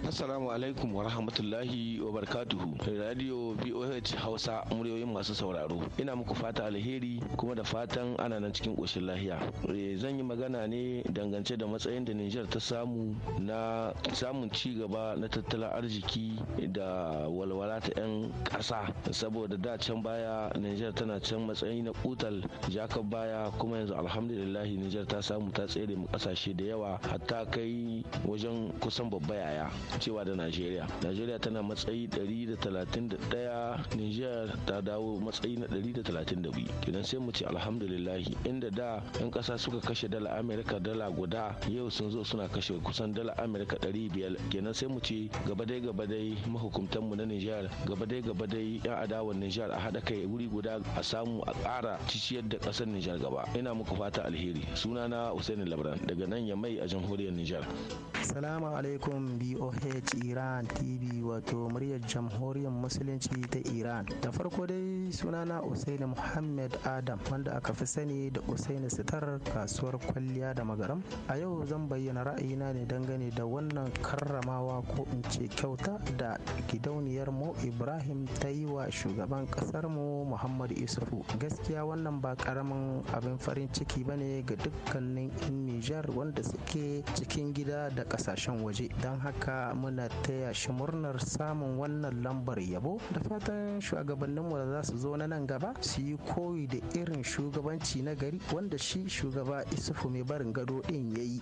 Assalamu alaikum wa rahmatullahi wa barakatuhu Radio BOH Hausa muryoyin masu sauraro ina muku fata alheri kuma da fatan ana nan cikin koshin lahiya Eh, zan yi magana ne dangance da matsayin da Nijar ta samu na samun ci gaba na tattalin arziki da walwala ta 'yan ƙasa saboda da can baya Nijar tana can matsayi na kutal jakar baya kuma yanzu alhamdulillah Nijar ta samu ta tsere mu kasashe da yawa hatta kai wajen kusan babba yaya cewa da Najeriya. Najeriya tana matsayi 131 ta dawo matsayi na 132 kenan sai mu ce alhamdulillahi inda da yan kasa suka kashe dala amerika dala guda yau sun zo suna kashe kusan dala amerika 500 kenan sai mu ce gaba dai gaba dai mahukuntanmu na nijar gaba dai gaba dai yan adawan nijar a haɗa kai wuri guda a samu a ƙara ciciyar da ƙasar nijar gaba ina muku fata alheri sunana usaini labran daga nan yamai a jamhuriyar nijar Assalamu alaikum BOH Iran TV wato muryar jamhuriyar musulunci ta Iran. Da farko farko dai sunana usaini muhammad adam wanda aka fi sani da usaini sitar kasuwar kwalliya da magaram a yau zan bayyana ra'ayina ne dangane da wannan karramawa ko in ce kyauta da gidauniyar mu ibrahim ta yi wa shugaban kasar mu muhammad isufu gaskiya wannan ba karamin abin farin ciki ba ne ga dukkanin in nijar wanda suke cikin gida da kasashen waje don haka muna taya shi murnar samun wannan lambar yabo da fatan shugabannin mu da za su zo na nan gaba su yi koyi da irin shugabanci na gari wanda shi shugaba isufu mai barin gado din ya yi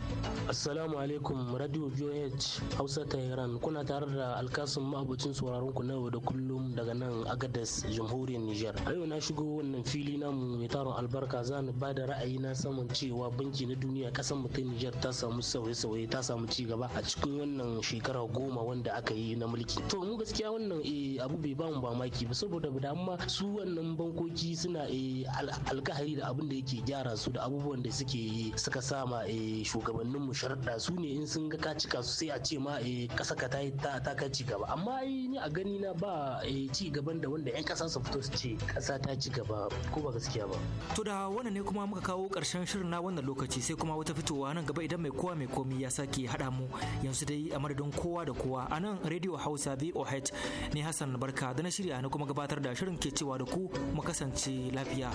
assalamu alaikum radio voh hausa tehran kuna tare da alkasun mahabucin sauraron ku na yau da kullum daga nan agadas jamhuriyar niger a yau na shigo wannan fili namu mai taron albarka za ni ba da ra'ayi na saman cewa banki na duniya kasan mu ta niger ta samu sauye-sauye ta samu ci gaba a cikin wannan shekara goma wanda aka yi na mulki to mu gaskiya wannan eh, abu bai ba mu mamaki ba saboda da amma su wannan bankoki suna eh, alkahari da abin da yake gyara su da abubuwan da suke suka sama eh, shugabannin mu sharaɗa su ne in sun ga ka cika su sai a ce ma eh, ƙasa ka ta ka ci gaba amma ni a gani na ba ci gaban da wanda 'yan kasa su fito su ce ƙasa ta ci gaba ko ba gaskiya ba. To da wannan ne kuma muka kawo karshen shirin na wannan lokaci sai kuma wata fitowa nan gaba idan mai kowa mai komi ya sake haɗa mu yanzu dai a madadin kowa da kowa a nan rediyo Hausa VOH ne Hassan Barka da na shirya na kuma gabatar da shirin ke cewa da ku mu kasance lafiya.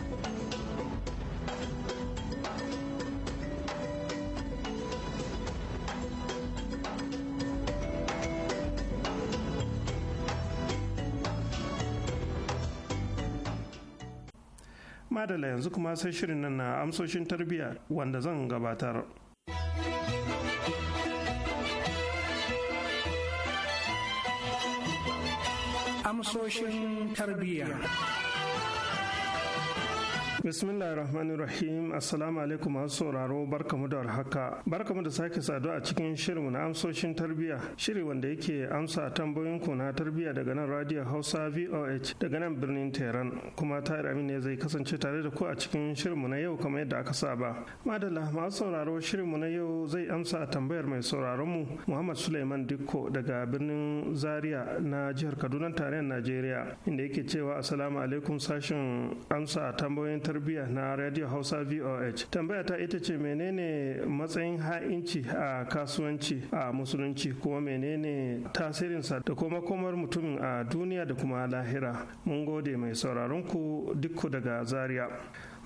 Madala yanzu kuma sai shirin nan na amsoshin tarbiyya wanda zan gabatar. Amsoshin tarbiyya. bismillah rahmani rahim assalamu alaikum masu sauraro barkamu da haka barkamu da sake saduwa a cikin shirinmu na amsoshin tarbiyya shiri wanda yake amsa tambayoyin ku na tarbiyya daga nan radio hausa voh daga nan birnin tehran kuma tare ne zai kasance tare da ku a cikin shirinmu na yau kamar yadda aka saba madalla masu sauraro shirinmu na yau zai amsa tambayar mai sauraron sauraronmu muhammad suleiman dikko daga birnin zaria na jihar kaduna tarayyar najeriya inda yake cewa assalamu alaikum sashin amsa tambayoyin tarbiyya na radio hausa voh tambaya ta ita ce menene matsayin ha'inci a kasuwanci a musulunci kuma menene tasirinsa da kuma komar mutumin a duniya da kuma lahira mun gode mai sauraron ku dukku daga zaria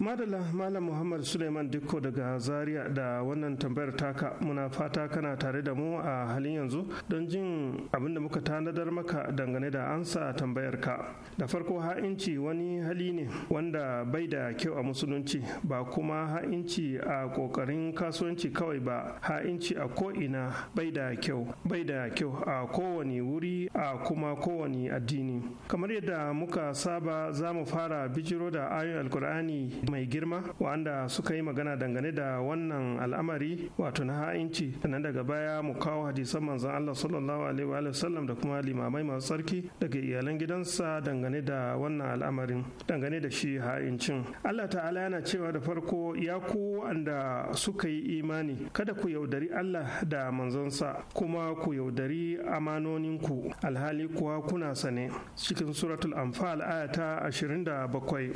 madala malam muhammad suleiman dikko daga zaria da wannan tambayar taka muna fata kana tare da mu a halin yanzu don jin abin da muka tanadar maka dangane da ansa tambayar ka da farko ha'inci wani hali ne wanda bai da kyau a musulunci ba kuma ha'inci a kokarin kasuwanci kawai ba ha'inci a ko'ina bai da kyau bai da kyau a kowane wuri a kuma kowane addini kamar yadda muka saba za mu fara bijiro da ayoyin alkur'ani mai girma wanda suka yi magana dangane da wannan al'amari wato na ha'inci na daga baya mu kawo hadisan manzon Allah sallallahu alaihi wa sallam da kuma limamai masu Sarki, daga iyalan gidansa dangane da wannan al'amarin dangane da shi ha'incin Allah ta'ala yana cewa da farko ya ku wanda suka yi imani kada ku yaudari Allah da manzonsa kuma ku yaudari amanoninku alhali kuwa kuna sane cikin suratul anfal aya ta 27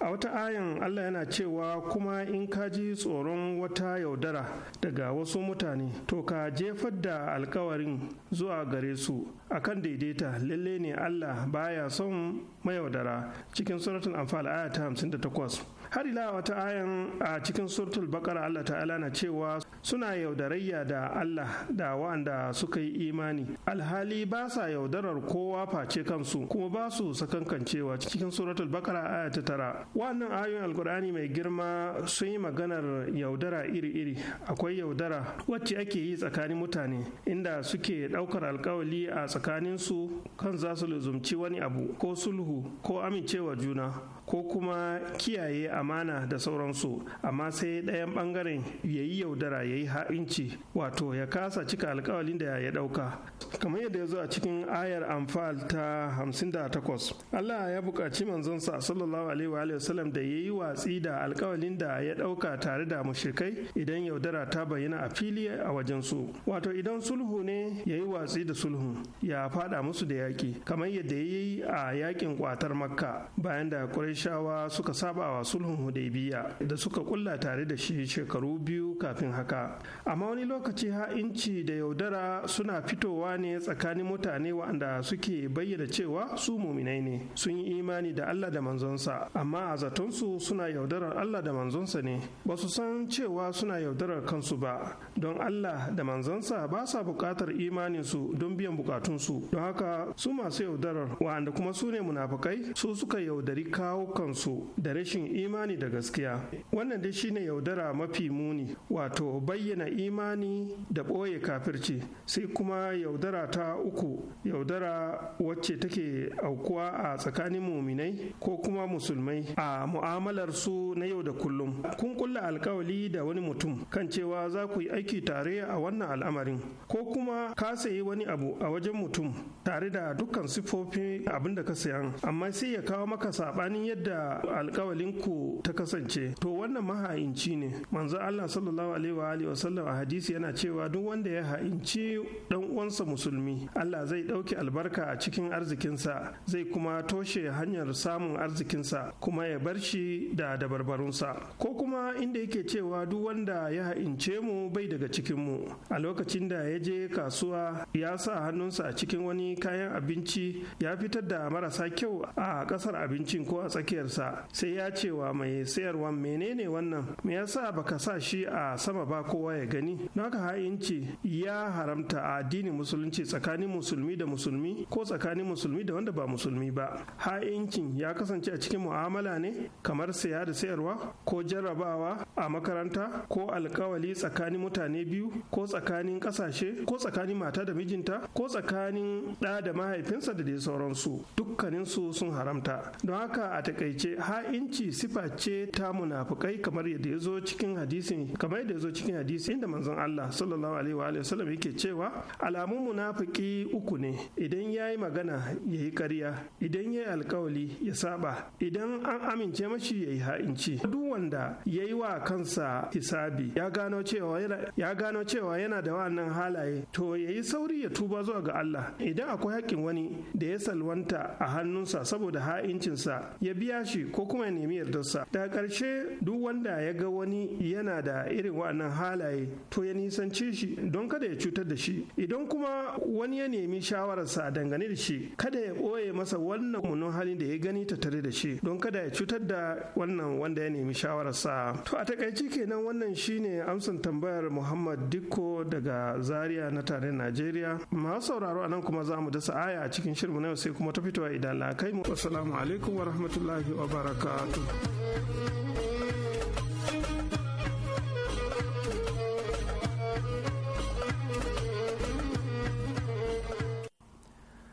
a wata ayan Allah yana cewa kuma in ka ji tsoron wata yaudara daga wasu mutane to ka jefar da alkawarin zuwa gare su akan daidaita lalle ne Allah baya son mayaudara cikin suratul anfal aya ta 58 har ila wata ayan a cikin surtul bakar Allah ta'ala na cewa suna yaudarayya da Allah da wa'anda suka yi imani alhali ba sa yaudarar kowa face kansu kuma ba su sakankancewa cikin suratul bakara aya ta tara wa'annan ayoyin alkur'ani mai girma sun yi maganar yaudara iri-iri akwai yaudara wacce ake yi tsakanin mutane inda suke ɗaukar alkawali a tsakaninsu kan za su lizumci wani abu ko sulhu ko amincewa juna ko kuma kiyaye amana da sauransu amma sai ɗayan ɓangaren ya yi yaudara ya yi ha'inci wato ya kasa cika alkawalin da ya ɗauka kamar yadda ya zo a cikin ayar amfal ta 58 Allah ya buƙaci manzonsa sallallahu alaihi wa sallam da ya yi watsi da alkawalin da ya ɗauka tare da mushrikai idan yaudara ta bayyana a fili a wajen su. wato idan sulhu ne ya yi watsi da sulhun ya faɗa musu da yaƙi kamar yadda ya yi a yaƙin ƙwatar makka bayan da ƙwarai Shawa suka saba wa sulhun Hudaybiya da suka kulla tare da shi shekaru biyu kafin haka. Amma wani lokaci ha'inci da yaudara suna fitowa ne tsakanin mutane waɗanda suke bayyana cewa su muminai ne sun yi imani da Allah da manzonsa amma a zatonsu suna yaudarar Allah da manzonsa ne ba su san cewa suna yaudarar kansu ba don Allah da manzonsa ba sa buƙatar imaninsu don biyan buƙatunsu don haka su masu yaudarar waɗanda kuma su ne munafukai su suka yaudari kawo ɗaukansu da rashin imani da gaskiya wannan dai shine yaudara mafi muni wato bayyana imani da ɓoye kafirci sai kuma yaudara ta uku yaudara wacce take aukuwa a tsakanin muminai ko kuma musulmai a mu'amalar su na yau da kullum kun kulla alkawali da wani mutum kan cewa za ku yi aiki tare a wannan al'amarin ko kuma ka sayi wani abu a wajen mutum tare da dukkan siffofi abin da ka sayan amma sai ya kawo maka saɓanin yadda yadda alkawalinku ta kasance to wannan maha'inci ne manzo Allah sallallahu alaihi wa sallam a hadisi yana cewa duk wanda ya ha'inci dan uwansa musulmi Allah zai dauke albarka a cikin arzikinsa zai kuma toshe hanyar samun arzikinsa kuma ya bar shi da dabarbarunsa ko kuma inda yake cewa duk wanda ya ha'ince mu bai daga cikin mu a lokacin da ya je kasuwa ya sa hannunsa a cikin wani kayan abinci ya fitar da marasa kyau a kasar abincin ko a tsakiya. tsakiyarsa sai ya ce wa mai sayarwa menene wannan me yasa baka sa shi a sama ba kowa ya gani don haka ha'inci ya haramta a addinin musulunci tsakanin musulmi da musulmi ko tsakanin musulmi da wanda ba musulmi ba ha'incin ya kasance a cikin mu'amala ne kamar saya da sayarwa ko jarrabawa a makaranta ko alkawali tsakanin mutane biyu ko tsakanin kasashe ko tsakanin mata da mijinta ko tsakanin ɗa da mahaifinsa da dai sauransu dukkaninsu sun haramta don haka a takaice ha'inci sifa ce ta munafukai kamar yadda ya zo cikin hadisi kamar yadda ya zo cikin hadisi inda manzon Allah sallallahu alaihi wa sallam yake cewa alamun munafiki uku ne idan yayi magana yayi ƙarya idan yayi alkawali ya saba idan an amince mashi yayi ha'inci duk wanda yayi wa kansa hisabi ya gano cewa yana ya gano cewa yana da wannan halaye to yayi sauri ya tuba zuwa ga Allah idan akwai haƙƙin wani da ya salwanta a hannunsa saboda ha'incinsa ya biya shi ko kuma ya nemi yardarsa da ƙarshe duk wanda ya ga wani yana da irin wannan halaye to ya nisanci shi don kada ya cutar da shi idan kuma wani ya nemi shawararsa dangane da shi kada ya ɓoye masa wannan munin halin da ya gani ta tare da shi don kada ya cutar da wannan wanda ya nemi shawararsa to a takaici kenan wannan shine amsan tambayar muhammad dikko daga zaria na tarayyar najeriya masu sauraro nan kuma za mu dasa aya a cikin shirmu na yau sai kuma ta fitowa idan la kai mu assalamu alaikum wa rahmatullahi warahmatullahi wabarakatuh.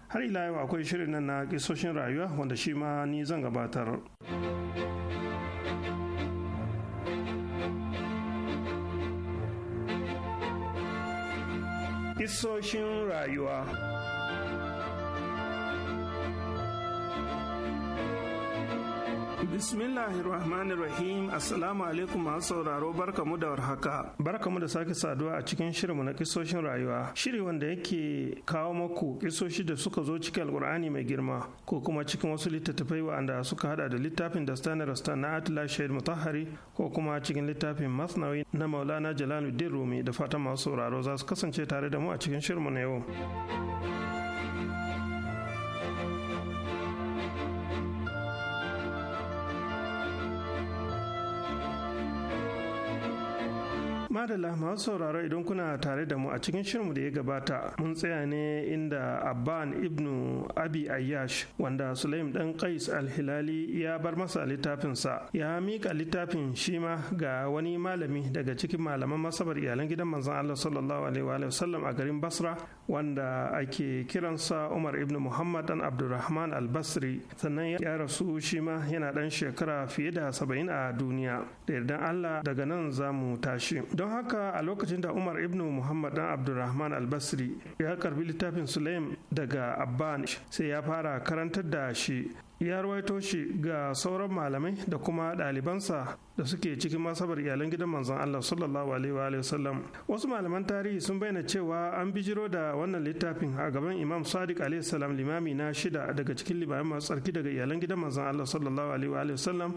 har ila yau akwai shirin nan na kisoshin rayuwa wanda shi ma ni zan gabatar. Isoshin rayuwa rahim Assalamu alaikum masu sauraro barkamu da warhaka. Barkamu da sake saduwa a cikin shirinmu na kisoshin rayuwa. Shiri wanda yake kawo maku kisoshi da suka zo cikin Alkur'ani mai girma ko kuma cikin wasu littattafai wanda suka hada da littafin da Stanley na Atla Shahid Mutahari ko kuma cikin littafin Masnawi na Maulana Jalaluddin Rumi da fatan masu sauraro za su kasance tare da mu a cikin shirinmu na yau. Madalla masu sauraro idan kuna tare da mu a cikin shirinmu da ya gabata mun tsaya ne inda Abban ibnu Abi Ayyash wanda Sulaim dan Qais al-Hilali ya bar masa littafinsa ya mika littafin shi ma ga wani malami daga cikin malaman masabar iyalan gidan manzon Allah sallallahu alaihi wa sallam a garin Basra wanda ake kiransa Umar ibnu Muhammad dan Abdurrahman al-Basri sannan ya rasu shi ma yana dan shekara fiye da saba'in a duniya da yardan Allah daga nan za mu tashi don don haka a lokacin da umar ibn muhammad dan abdulrahman albasri ya karbi littafin sulaim daga abban sai ya fara karantar da shi ya ruwaito shi ga sauran malamai da kuma ɗalibansa da suke cikin masabar iyalan gidan manzon Allah sallallahu alaihi wa sallam wasu malaman tarihi sun bayyana cewa an bijiro da wannan littafin a gaban Imam Sadiq alaihi salam limami na shida daga cikin limamin masu tsarki daga iyalan gidan manzon Allah sallallahu alaihi wa sallam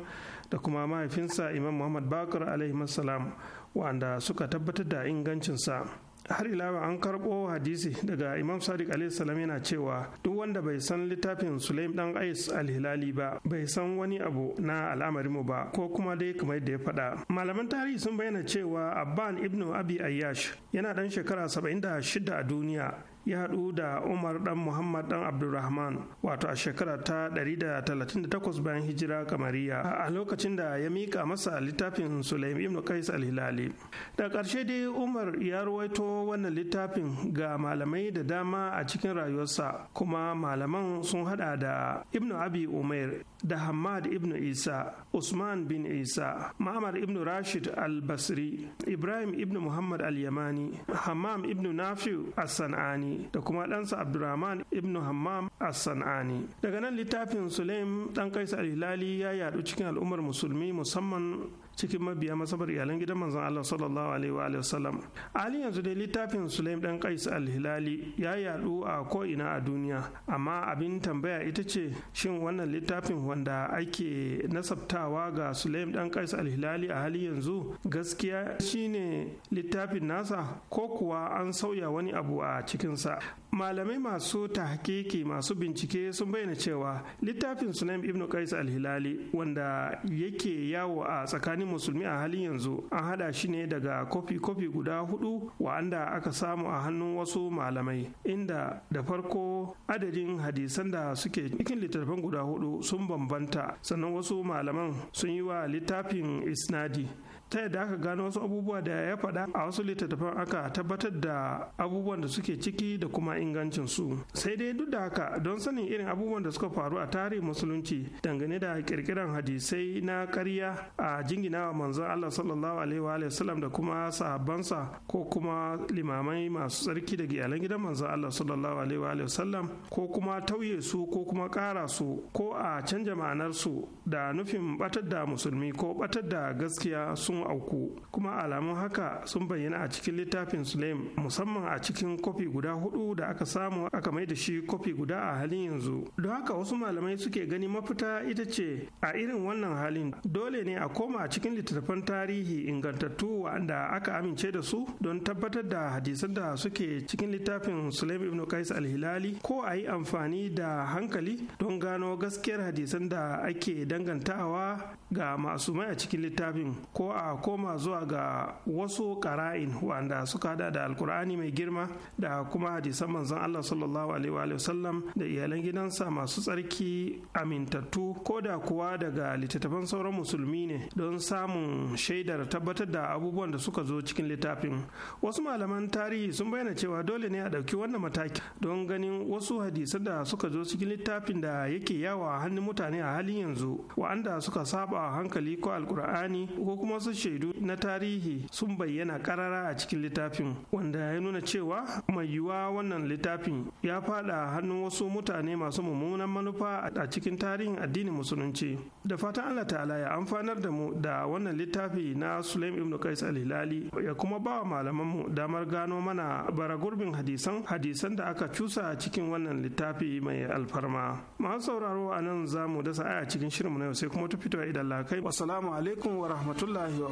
da kuma mahaifinsa Imam Muhammad Bakar alaihi salam wanda suka tabbatar da ingancinsa har ilawa an karɓo hadisi daga imam sadiq salam yana cewa duk wanda bai san littafin sulaim dan ais alhilali ba bai san wani abu na al'amarin mu ba ko kuma dai kamar yadda ya faɗa malaman tarihi sun bayyana cewa abban ibnu abi ayyash yana dan shekara 76 a duniya ya haɗu da umar ɗan muhammad ɗan abdulrahman wato a shekara ta 138 bayan hijira kamariya a lokacin da ya mika masa littafin sulaim ibn qais al-hilali da ƙarshe dai umar ya ruwaito wannan littafin ga malamai da dama a cikin rayuwarsa kuma malaman sun haɗa da ibn abi umair da hamad ibn isa usman bin isa ma'amar ibn rashid al-basri ibrahim ibn muhammad al-yamani hammam ibn nafi as-san'ani da kuma ɗansa Abdurrahman ibn Hammam As-San'ani. Daga nan littafin Sulaim ɗan Kaisar Hilali ya yaɗu cikin al'ummar musulmi musamman cikin mabiya masabar iyalan gidan manzon Allah sallallahu alaihi wa wasallam halin yanzu dai littafin Sulaim dan Qais al-Hilali ya yadu a ko ina a duniya amma abin tambaya ita ce shin wannan littafin wanda ake nasabtawa ga Sulaim dan Qais al-Hilali a halin yanzu gaskiya shine littafin nasa ko kuwa an sauya wani abu a cikin sa malamai masu tahqiqi masu bincike sun bayyana cewa littafin Sulaim Ibnu Qais al-Hilali wanda yake yawo a tsakanin musulmi a halin yanzu an hada shi ne daga kofi-kofi guda hudu wa'anda aka samu a hannun wasu malamai inda da farko adadin hadisan da suke cikin littattafan guda hudu sun bambanta sannan wasu malaman sun yi wa littafin isnadi ta yadda aka gano wasu abubuwa da ya faɗa a wasu littattafan aka tabbatar da abubuwan da suke ciki da kuma ingancin su sai dai duk da haka don sanin irin abubuwan da suka faru a tarihin musulunci dangane da kirkiran hadisai na karya a jinginawa manzon Allah sallallahu alaihi wa sallam da kuma sahabbansa ko kuma limamai masu tsarki daga iyalan gidan manzon Allah sallallahu alaihi wa sallam ko kuma tauye su ko kuma ƙara su ko a canja ma'anar su da nufin batar da musulmi ko batar da gaskiya sun sun auku kuma alamun haka sun bayyana a cikin littafin sulaim musamman a cikin kofi guda hudu da aka samu aka mai da shi kofi guda a halin yanzu don haka wasu malamai suke gani mafita ita ce a irin wannan halin dole ne a koma a cikin littattafan tarihi ingantattu wanda aka amince da su don tabbatar da hadisan da suke cikin littafin sulaim ibn qais al-hilali ko a yi amfani da hankali don gano gaskiyar hadisan da ake dangantawa ga masu mai a cikin littafin ko a a koma zuwa ga wasu ƙara'in wanda suka hada da alkur'ani mai girma da kuma hadisan manzon Allah sallallahu alaihi wa sallam da iyalan gidansa masu tsarki amintattu ko da kuwa daga littattafan sauran musulmi ne don samun shaidar tabbatar da abubuwan da suka zo cikin littafin wasu malaman tarihi sun bayyana cewa dole ne a ɗauki wannan mataki don ganin wasu hadisan da suka zo cikin littafin da yake yawa a hannun mutane a halin yanzu wa'anda suka saba hankali ko alkur'ani ko kuma su shaidu na tarihi sun bayyana karara a cikin littafin wanda ya nuna cewa mai yiwuwa wannan littafin ya fada hannun wasu mutane masu mummunan manufa a cikin tarihin addinin musulunci da fatan Allah ta'ala ya amfanar da mu da wannan littafi na Sulaim ibn Qais al-Hilali ya kuma ba wa malaman mu damar gano mana bara gurbin hadisan hadisan da aka cusa a cikin wannan littafi mai alfarma masu sauraro a nan za mu dasa aya cikin shirinmu na yau sai kuma ta fito idan lakai wasalamu alaikum wa rahmatullahi wa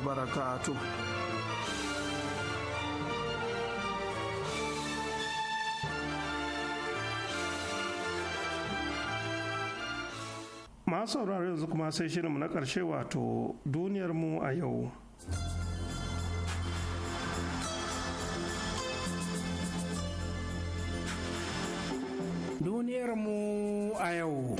masu sauraro yanzu kuma sai shirinmu na ƙarshe wato duniyarmu a yau duniyarmu a yau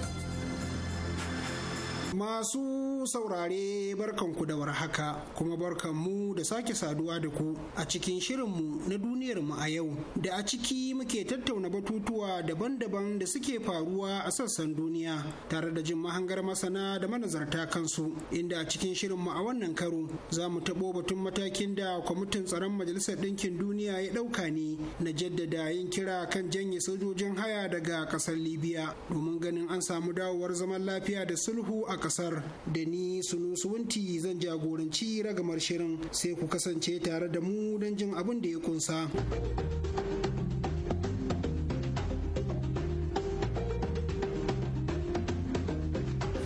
Masu saurare barkanku da warhaka kuma barkanmu da sake saduwa da ku a cikin shirinmu na duniyarmu a yau da a ciki muke tattauna batutuwa daban-daban da suke faruwa a sassan duniya tare da jin mahangar masana da manazarta kansu inda a cikin shirinmu a wannan karo za mu taɓo batun matakin da kwamitin tsaron majalisar ɗinkin duniya ya ɗauka ne na jaddada yin kira kan janye sojojin haya daga ƙasar libya domin ganin an samu dawowar zaman lafiya da sulhu a kasar da ni sunu suwunti zan jagoranci ragamar shirin sai ku kasance tare da mu don jin abin da ya kunsa.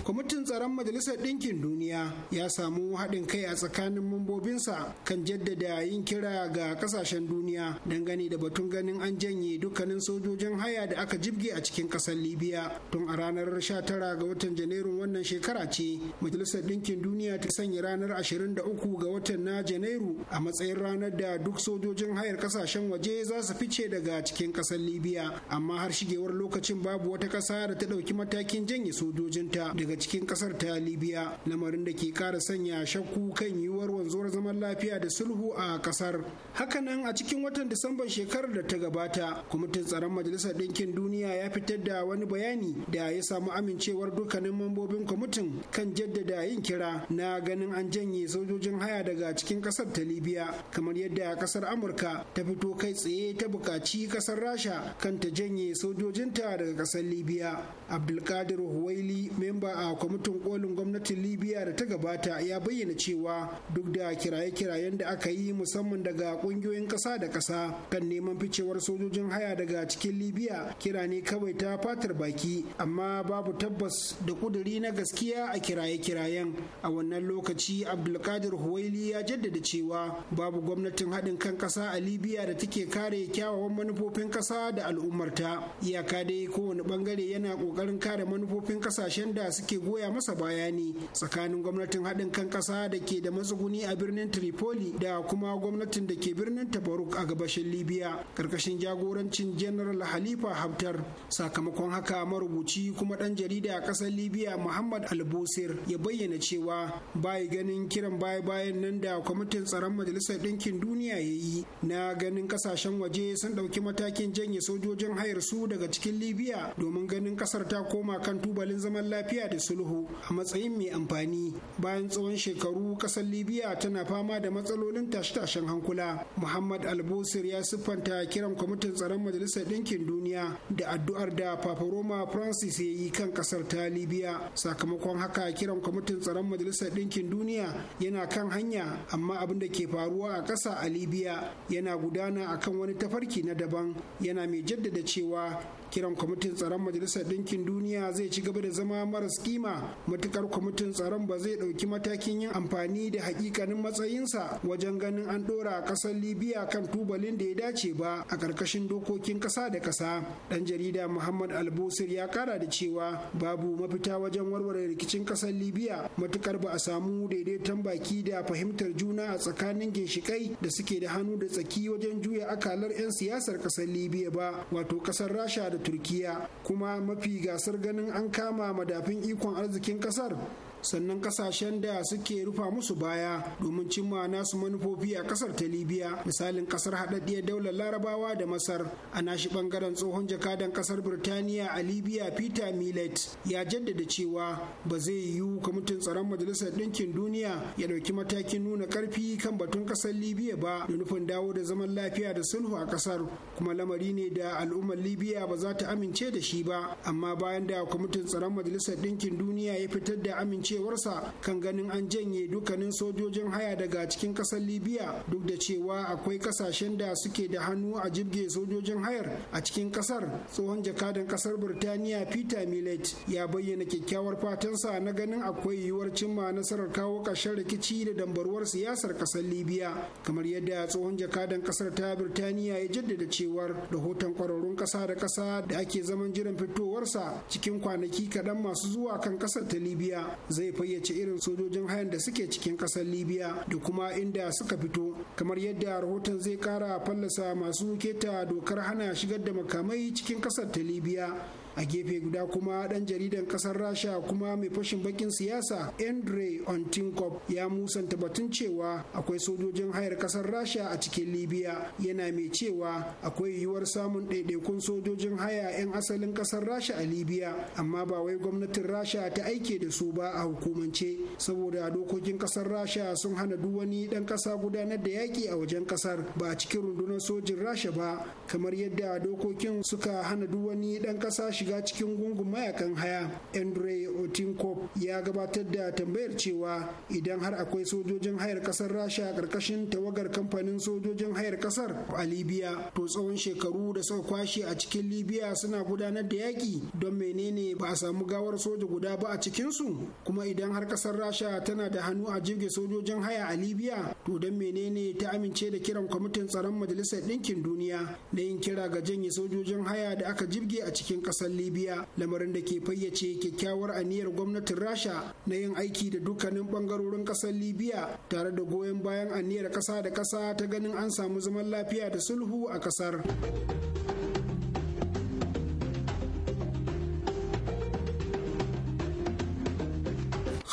kwamitin tsaron majalisar ɗinkin duniya yarjejeniya ya samu haɗin kai a tsakanin mambobinsa kan jaddada yin kira ga ƙasashen duniya dangane da batun ganin an janye dukkanin sojojin haya da aka jibge a cikin ƙasar libya tun a ranar 19 ga watan janairun wannan shekara ce majalisar ɗinkin duniya ta sanya ranar 23 ga watan na janairu a matsayin ranar da duk sojojin hayar ƙasashen waje za su fice daga cikin ƙasar libya amma har shigewar lokacin babu wata ƙasa da ta ɗauki matakin janye sojojinta daga cikin ƙasar ta libya lamarin abin da ke kara sanya shakku kan yiwuwar wanzuwar zaman lafiya da sulhu a kasar hakanan a cikin watan disamban shekarar da ta gabata kwamitin tsaron majalisar ɗinkin duniya ya fitar da wani bayani da ya samu amincewar dukkanin mambobin kwamitin kan jaddada yin kira na ganin an janye sojojin haya daga cikin kasar ta libya kamar yadda kasar amurka ta fito kai tsaye ta bukaci kasar rasha kan ta janye sojojinta daga kasar libya abdulkadir huwaili memba a kwamitin kolin gwamnatin libya da ta gabata ya bayyana cewa duk da kiraye-kirayen da aka yi musamman daga kungiyoyin ƙasa da ƙasa kan neman ficewar sojojin haya daga cikin libya kira ne kawai ta fatar baki amma babu tabbas da kuduri na gaskiya a kiraye-kirayen a wannan lokaci abdulkadir huwaili ya jaddada cewa babu gwamnatin haɗin kan ƙasa a libya da take kare kyawawan manufofin ƙasa da al'ummarta iyaka dai kowane ɓangare yana ƙoƙarin kare manufofin ƙasashen da suke goya masa bayani tsakanin tsakanin gwamnatin haɗin kan ƙasa da ke da matsuguni a birnin Tripoli da kuma gwamnatin da ke birnin Tabaruk a gabashin Libya Ƙarƙashin jagorancin General Halifa Haftar. Sakamakon haka marubuci kuma ɗan jarida a ƙasar Libya Muhammad Albusir ya bayyana cewa bayi ganin kiran baya-bayan nan da kwamitin tsaron Majalisar Ɗinkin Duniya ya yi na ganin ƙasashen waje sun ɗauki matakin janye sojojin hayar su daga cikin Libya domin ganin ƙasar ta koma kan tubalin zaman lafiya da sulhu a matsayin mai amfani bayan tsawon shekaru kasar libya tana fama da matsalolin tashe-tashen hankula muhammad albusir ya siffanta kiran kwamitin tsaron majalisar ɗinkin duniya da addu'ar da paparoma francis ya yi kan kasar ta libya sakamakon haka kiran kwamitin tsaron majalisar ɗinkin duniya yana kan hanya amma abin da ke faruwa a ƙasa a libya yana gudana akan wani tafarki na daban yana mai jaddada cewa kiran kwamitin tsaron majalisar ɗinkin duniya zai ci gaba da zama maras kima matukar kwamitin tsaron ba zai ɗauki matakin yin amfani da hakikanin matsayinsa wajen ganin an ɗora ƙasar libya kan tubalin da ya dace ba a ƙarƙashin dokokin ƙasa da ƙasa ɗan jarida muhammad albusir ya ƙara da cewa babu mafita wajen warware rikicin ƙasar libya matukar ba a samu daidaiton baki da fahimtar juna a tsakanin ginshiƙai da suke da hannu da tsaki wajen juya akalar 'yan siyasar ƙasar libya ba wato ƙasar rasha turkiya kuma mafi gasar ganin an kama madafin ikon arzikin kasar sannan kasashen da suke rufa musu baya domin cimma nasu manufofi a kasar ta libya misalin kasar haɗaɗɗiyar daular larabawa da masar a nashi ɓangaren tsohon jakadan kasar birtaniya a libya peter millet ya jaddada cewa ba zai yiwu kwamitin tsaron majalisar ɗinkin duniya ya ɗauki matakin nuna ƙarfi kan batun kasar libya ba da nufin dawo da zaman lafiya da sulhu a kasar kuma lamari ne da al'ummar libya ba za ta amince da shi ba amma bayan da kwamitin tsaron majalisar ɗinkin duniya ya fitar da amince cewarsa kan ganin an janye dukkanin sojojin haya daga cikin ƙasar libya duk da cewa akwai ƙasashen da suke da hannu a jibge sojojin hayar a cikin ƙasar tsohon jakadan ƙasar birtaniya peter millet ya bayyana kyakkyawar fatansa na ganin akwai yiwuwar cimma nasarar kawo ƙarshen rikici da dambarwar siyasar ƙasar libya kamar yadda tsohon jakadan ƙasar ta birtaniya ya jaddada cewar rahoton kwararrun ƙasa da ƙasa da ake zaman jiran fitowarsa cikin kwanaki kaɗan masu zuwa kan ƙasar ta libya zai fayyace irin sojojin hayan da suke cikin ƙasar libya da kuma inda suka fito kamar yadda rahoton zai ƙara fallasa masu keta dokar hana shigar da makamai cikin ƙasar ta libya a gefe guda kuma dan jaridan kasar rasha kuma mai fashin bakin siyasa andre ontinkov ya musanta batun cewa akwai sojojin hayar kasar rasha a cikin libya yana mai cewa akwai yiwuwar samun ɗaiɗaikun sojojin haya 'yan asalin kasar rasha a libya amma ba wai gwamnatin rasha ta aike da su ba a hukumance saboda dokokin kasar rasha sun hana duk wani ɗan ƙasa gudanar da yaƙi a wajen kasar ba a cikin rundunar sojin rasha ba kamar yadda dokokin suka hana duk wani ɗan ƙasa shiga shiga cikin gungun mayakan haya andre otinkop ya gabatar da tambayar cewa idan har akwai sojojin hayar kasar rasha a karkashin tawagar kamfanin sojojin hayar kasar a libya to tsawon shekaru da suka kwashe a cikin libya suna gudanar da yaki don menene ba a samu gawar soja guda ba a cikinsu kuma idan har kasar rasha tana da hannu a jirge sojojin haya a libya to don menene ta amince da kiran kwamitin tsaron majalisar ɗinkin duniya na yin kira ga janye sojojin haya da aka jirge a cikin ƙasar ƙasar libya lamarin da ke fayyace kyakkyawar aniyar gwamnatin rasha na yin aiki da dukkanin ɓangarorin ƙasar libya tare da goyon bayan aniyar ƙasa da ƙasa ta ganin an samu zaman lafiya da sulhu a ƙasar.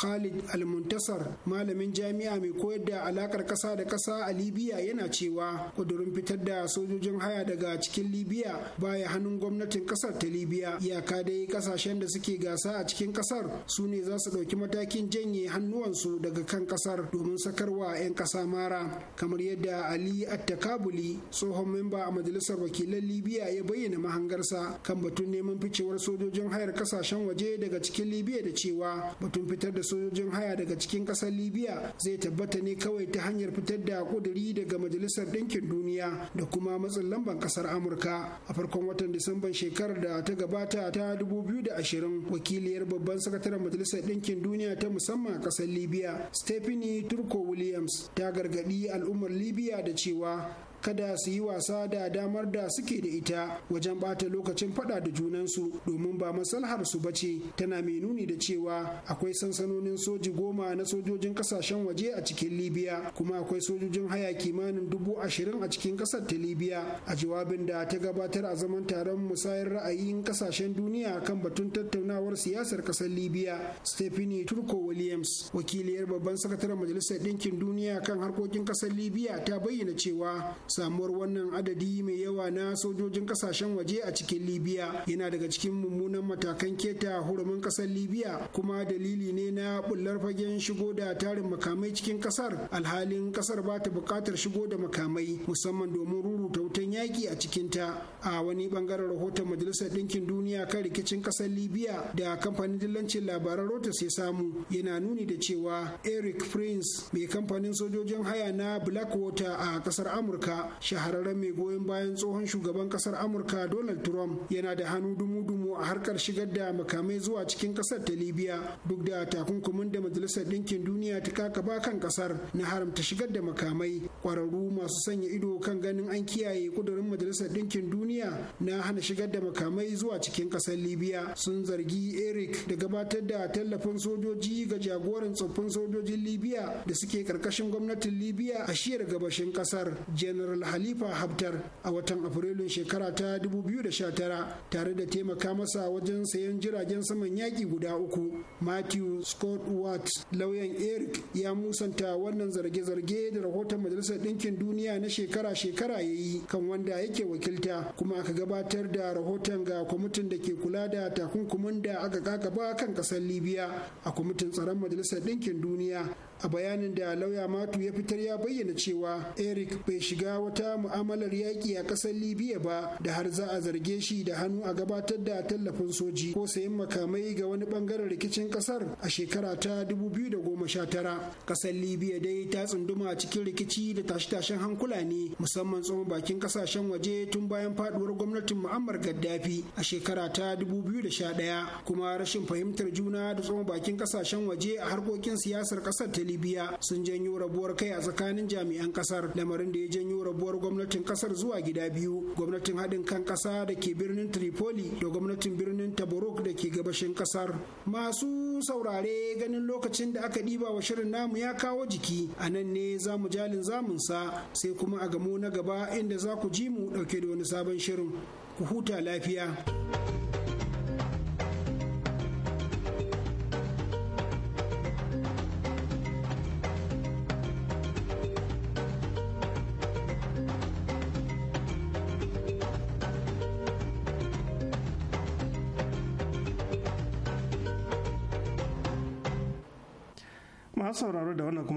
Khalid alMuntasar, malamin jami'a mai koyar da alakar ƙasa da ƙasa a Libya yana cewa kudurin fitar da sojojin haya daga cikin Libya baya hannun gwamnatin ƙasar ta Libya iyaka dai ƙasashen da suke gasa a cikin ƙasar su ne za su ɗauki matakin janye hannuwansu daga kan ƙasar domin sakarwa 'yan ƙasa mara kamar yadda Ali Attakabuli tsohon memba a majalisar wakilan Libya ya bayyana mahangarsa kan batun neman ficewar sojojin hayar ƙasashen waje daga cikin Libya da cewa batun fitar da sojojin haya daga cikin ƙasar libya zai tabbata ne kawai ta hanyar fitar da ƙuduri daga majalisar ɗinkin duniya da kuma matsin lamban ƙasar amurka a farkon watan disamban shekarar da ta gabata ta 2020 wakiliyar babban sakataren majalisar ɗinkin duniya ta musamman a ƙasar libya stephanie turko williams ta gargaɗi al'ummar libya da cewa kada su yi wasa da damar da suke da ita wajen bata lokacin fada da junansu domin ba masalhar su bace tana mai nuni da cewa akwai sansanonin soji goma na sojojin kasashen waje a cikin libya kuma akwai sojojin haya kimanin dubu ashirin a cikin kasar ta libya a jawabin da ta gabatar a zaman taron musayar ra'ayin kasashen duniya kan batun tattaunawar siyasar kasar libya stephanie turko williams wakiliyar babban sakataren majalisar ɗinkin duniya kan harkokin kasar libya ta bayyana cewa samuwar wannan adadi mai yawa na sojojin kasashen waje a cikin libya yana daga cikin mummunan matakan keta hurumin kasar libya kuma dalili ne na bullar fagen shigo da tarin makamai cikin kasar alhalin kasar ba ta bukatar shigo da makamai musamman domin ruruta wutan yaki a cikin ta. a wani bangaren rahoton majalisar ɗinkin duniya kan rikicin kasar libya da kamfanin dillancin labaran rotas ya samu yana nuni da cewa eric prince mai kamfanin sojojin haya na blackwater a kasar amurka shahararren mai goyon bayan tsohon shugaban kasar amurka donald trump yana da hannu dumu-dumu a harkar shigar da makamai zuwa cikin kasar ta libya duk da takunkumin da majalisar ɗinkin duniya ta kakaba kan kasar na haramta shigar da makamai kwararru masu sanya ido kan ganin an kiyaye kudurin majalisar ɗinkin duniya na hana shigar da makamai zuwa cikin kasar libya sun zargi eric da gabatar da tallafin sojoji ga jagoran tsoffin sojojin libya da suke karkashin gwamnatin libya a shiyar gabashin kasar general al halifa haftar a watan afrilun shekara ta 2019 tare da taimaka masa wajen sayan jiragen saman yaƙi guda uku matthew scott watt lauyan eric ya musanta wannan zarge-zarge da rahoton majalisar ɗinkin duniya na shekara-shekara ya yi kan wanda yake wakilta kuma aka gabatar da rahoton ga kwamitin da ke kula da takunkumin da aka kakaba kan ƙasar libya a kwamitin tsaron majalisar ɗinkin duniya a bayanin da lauya matu ya fitar ya bayyana cewa eric bai shiga wata mu'amalar yaƙi a ƙasar libya ba da har za a zarge shi da hannu a gabatar da tallafin soji ko sayan makamai ga wani ɓangaren rikicin ƙasar a shekara ta 2019 ƙasar libya dai ta tsunduma cikin rikici da tashe-tashen hankula ne musamman tsohon bakin ƙasashen waje tun bayan faɗuwar gwamnatin mu'ammar gaddafi a shekara ta 2011 kuma rashin fahimtar juna da tsohon bakin ƙasashen waje a harkokin siyasar ƙasar ta libya sun janyo rabuwar kai a tsakanin jami'an kasar lamarin da ya janyo rabuwar gwamnatin kasar zuwa gida biyu gwamnatin haɗin kan ƙasa da ke birnin tripoli da gwamnatin birnin tabaruk da ke gabashin kasar masu saurare ganin lokacin da aka ɗiba wa shirin namu ya kawo jiki a nan ne za mu jalin zamun sa sai kuma a gamo na gaba inda za ku ji mu ɗauke da wani sabon shirin ku huta lafiya.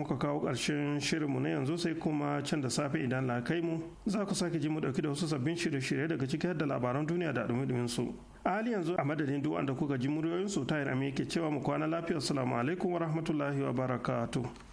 muka kawo ƙarshen shirinmu na yanzu sai kuma can da safe idan la kai mu za ku sake ji mu dauki da wasu sabbin shirye-shirye daga ciki da labaran duniya da dumi su. A hali yanzu a madadin duk wanda kuka ji muryoyin su tayar ke cewa mu kwana lafiya. Assalamu alaikum wa rahmatullahi wa barakatuh.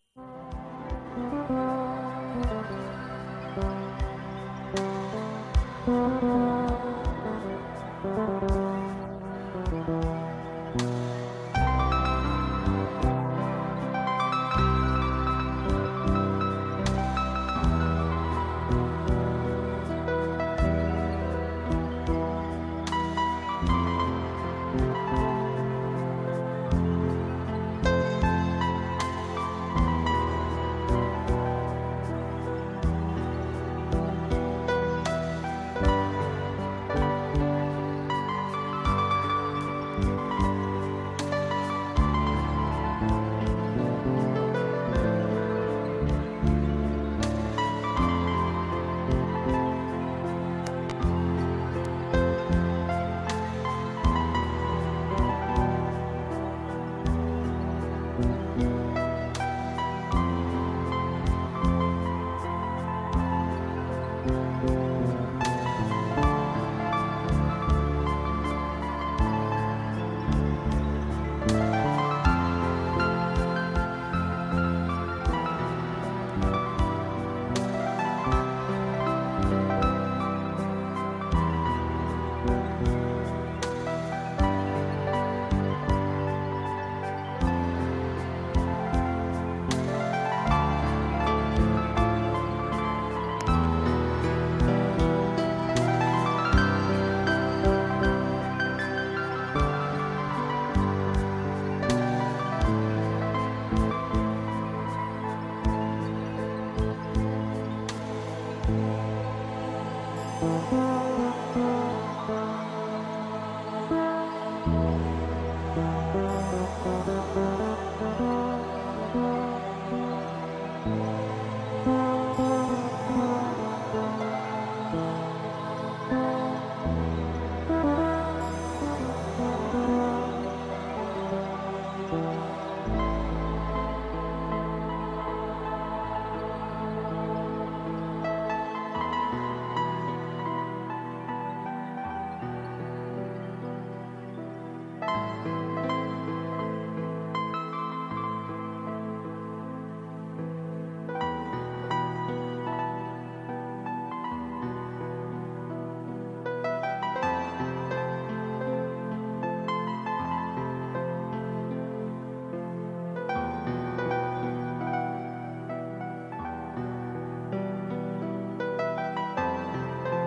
thank you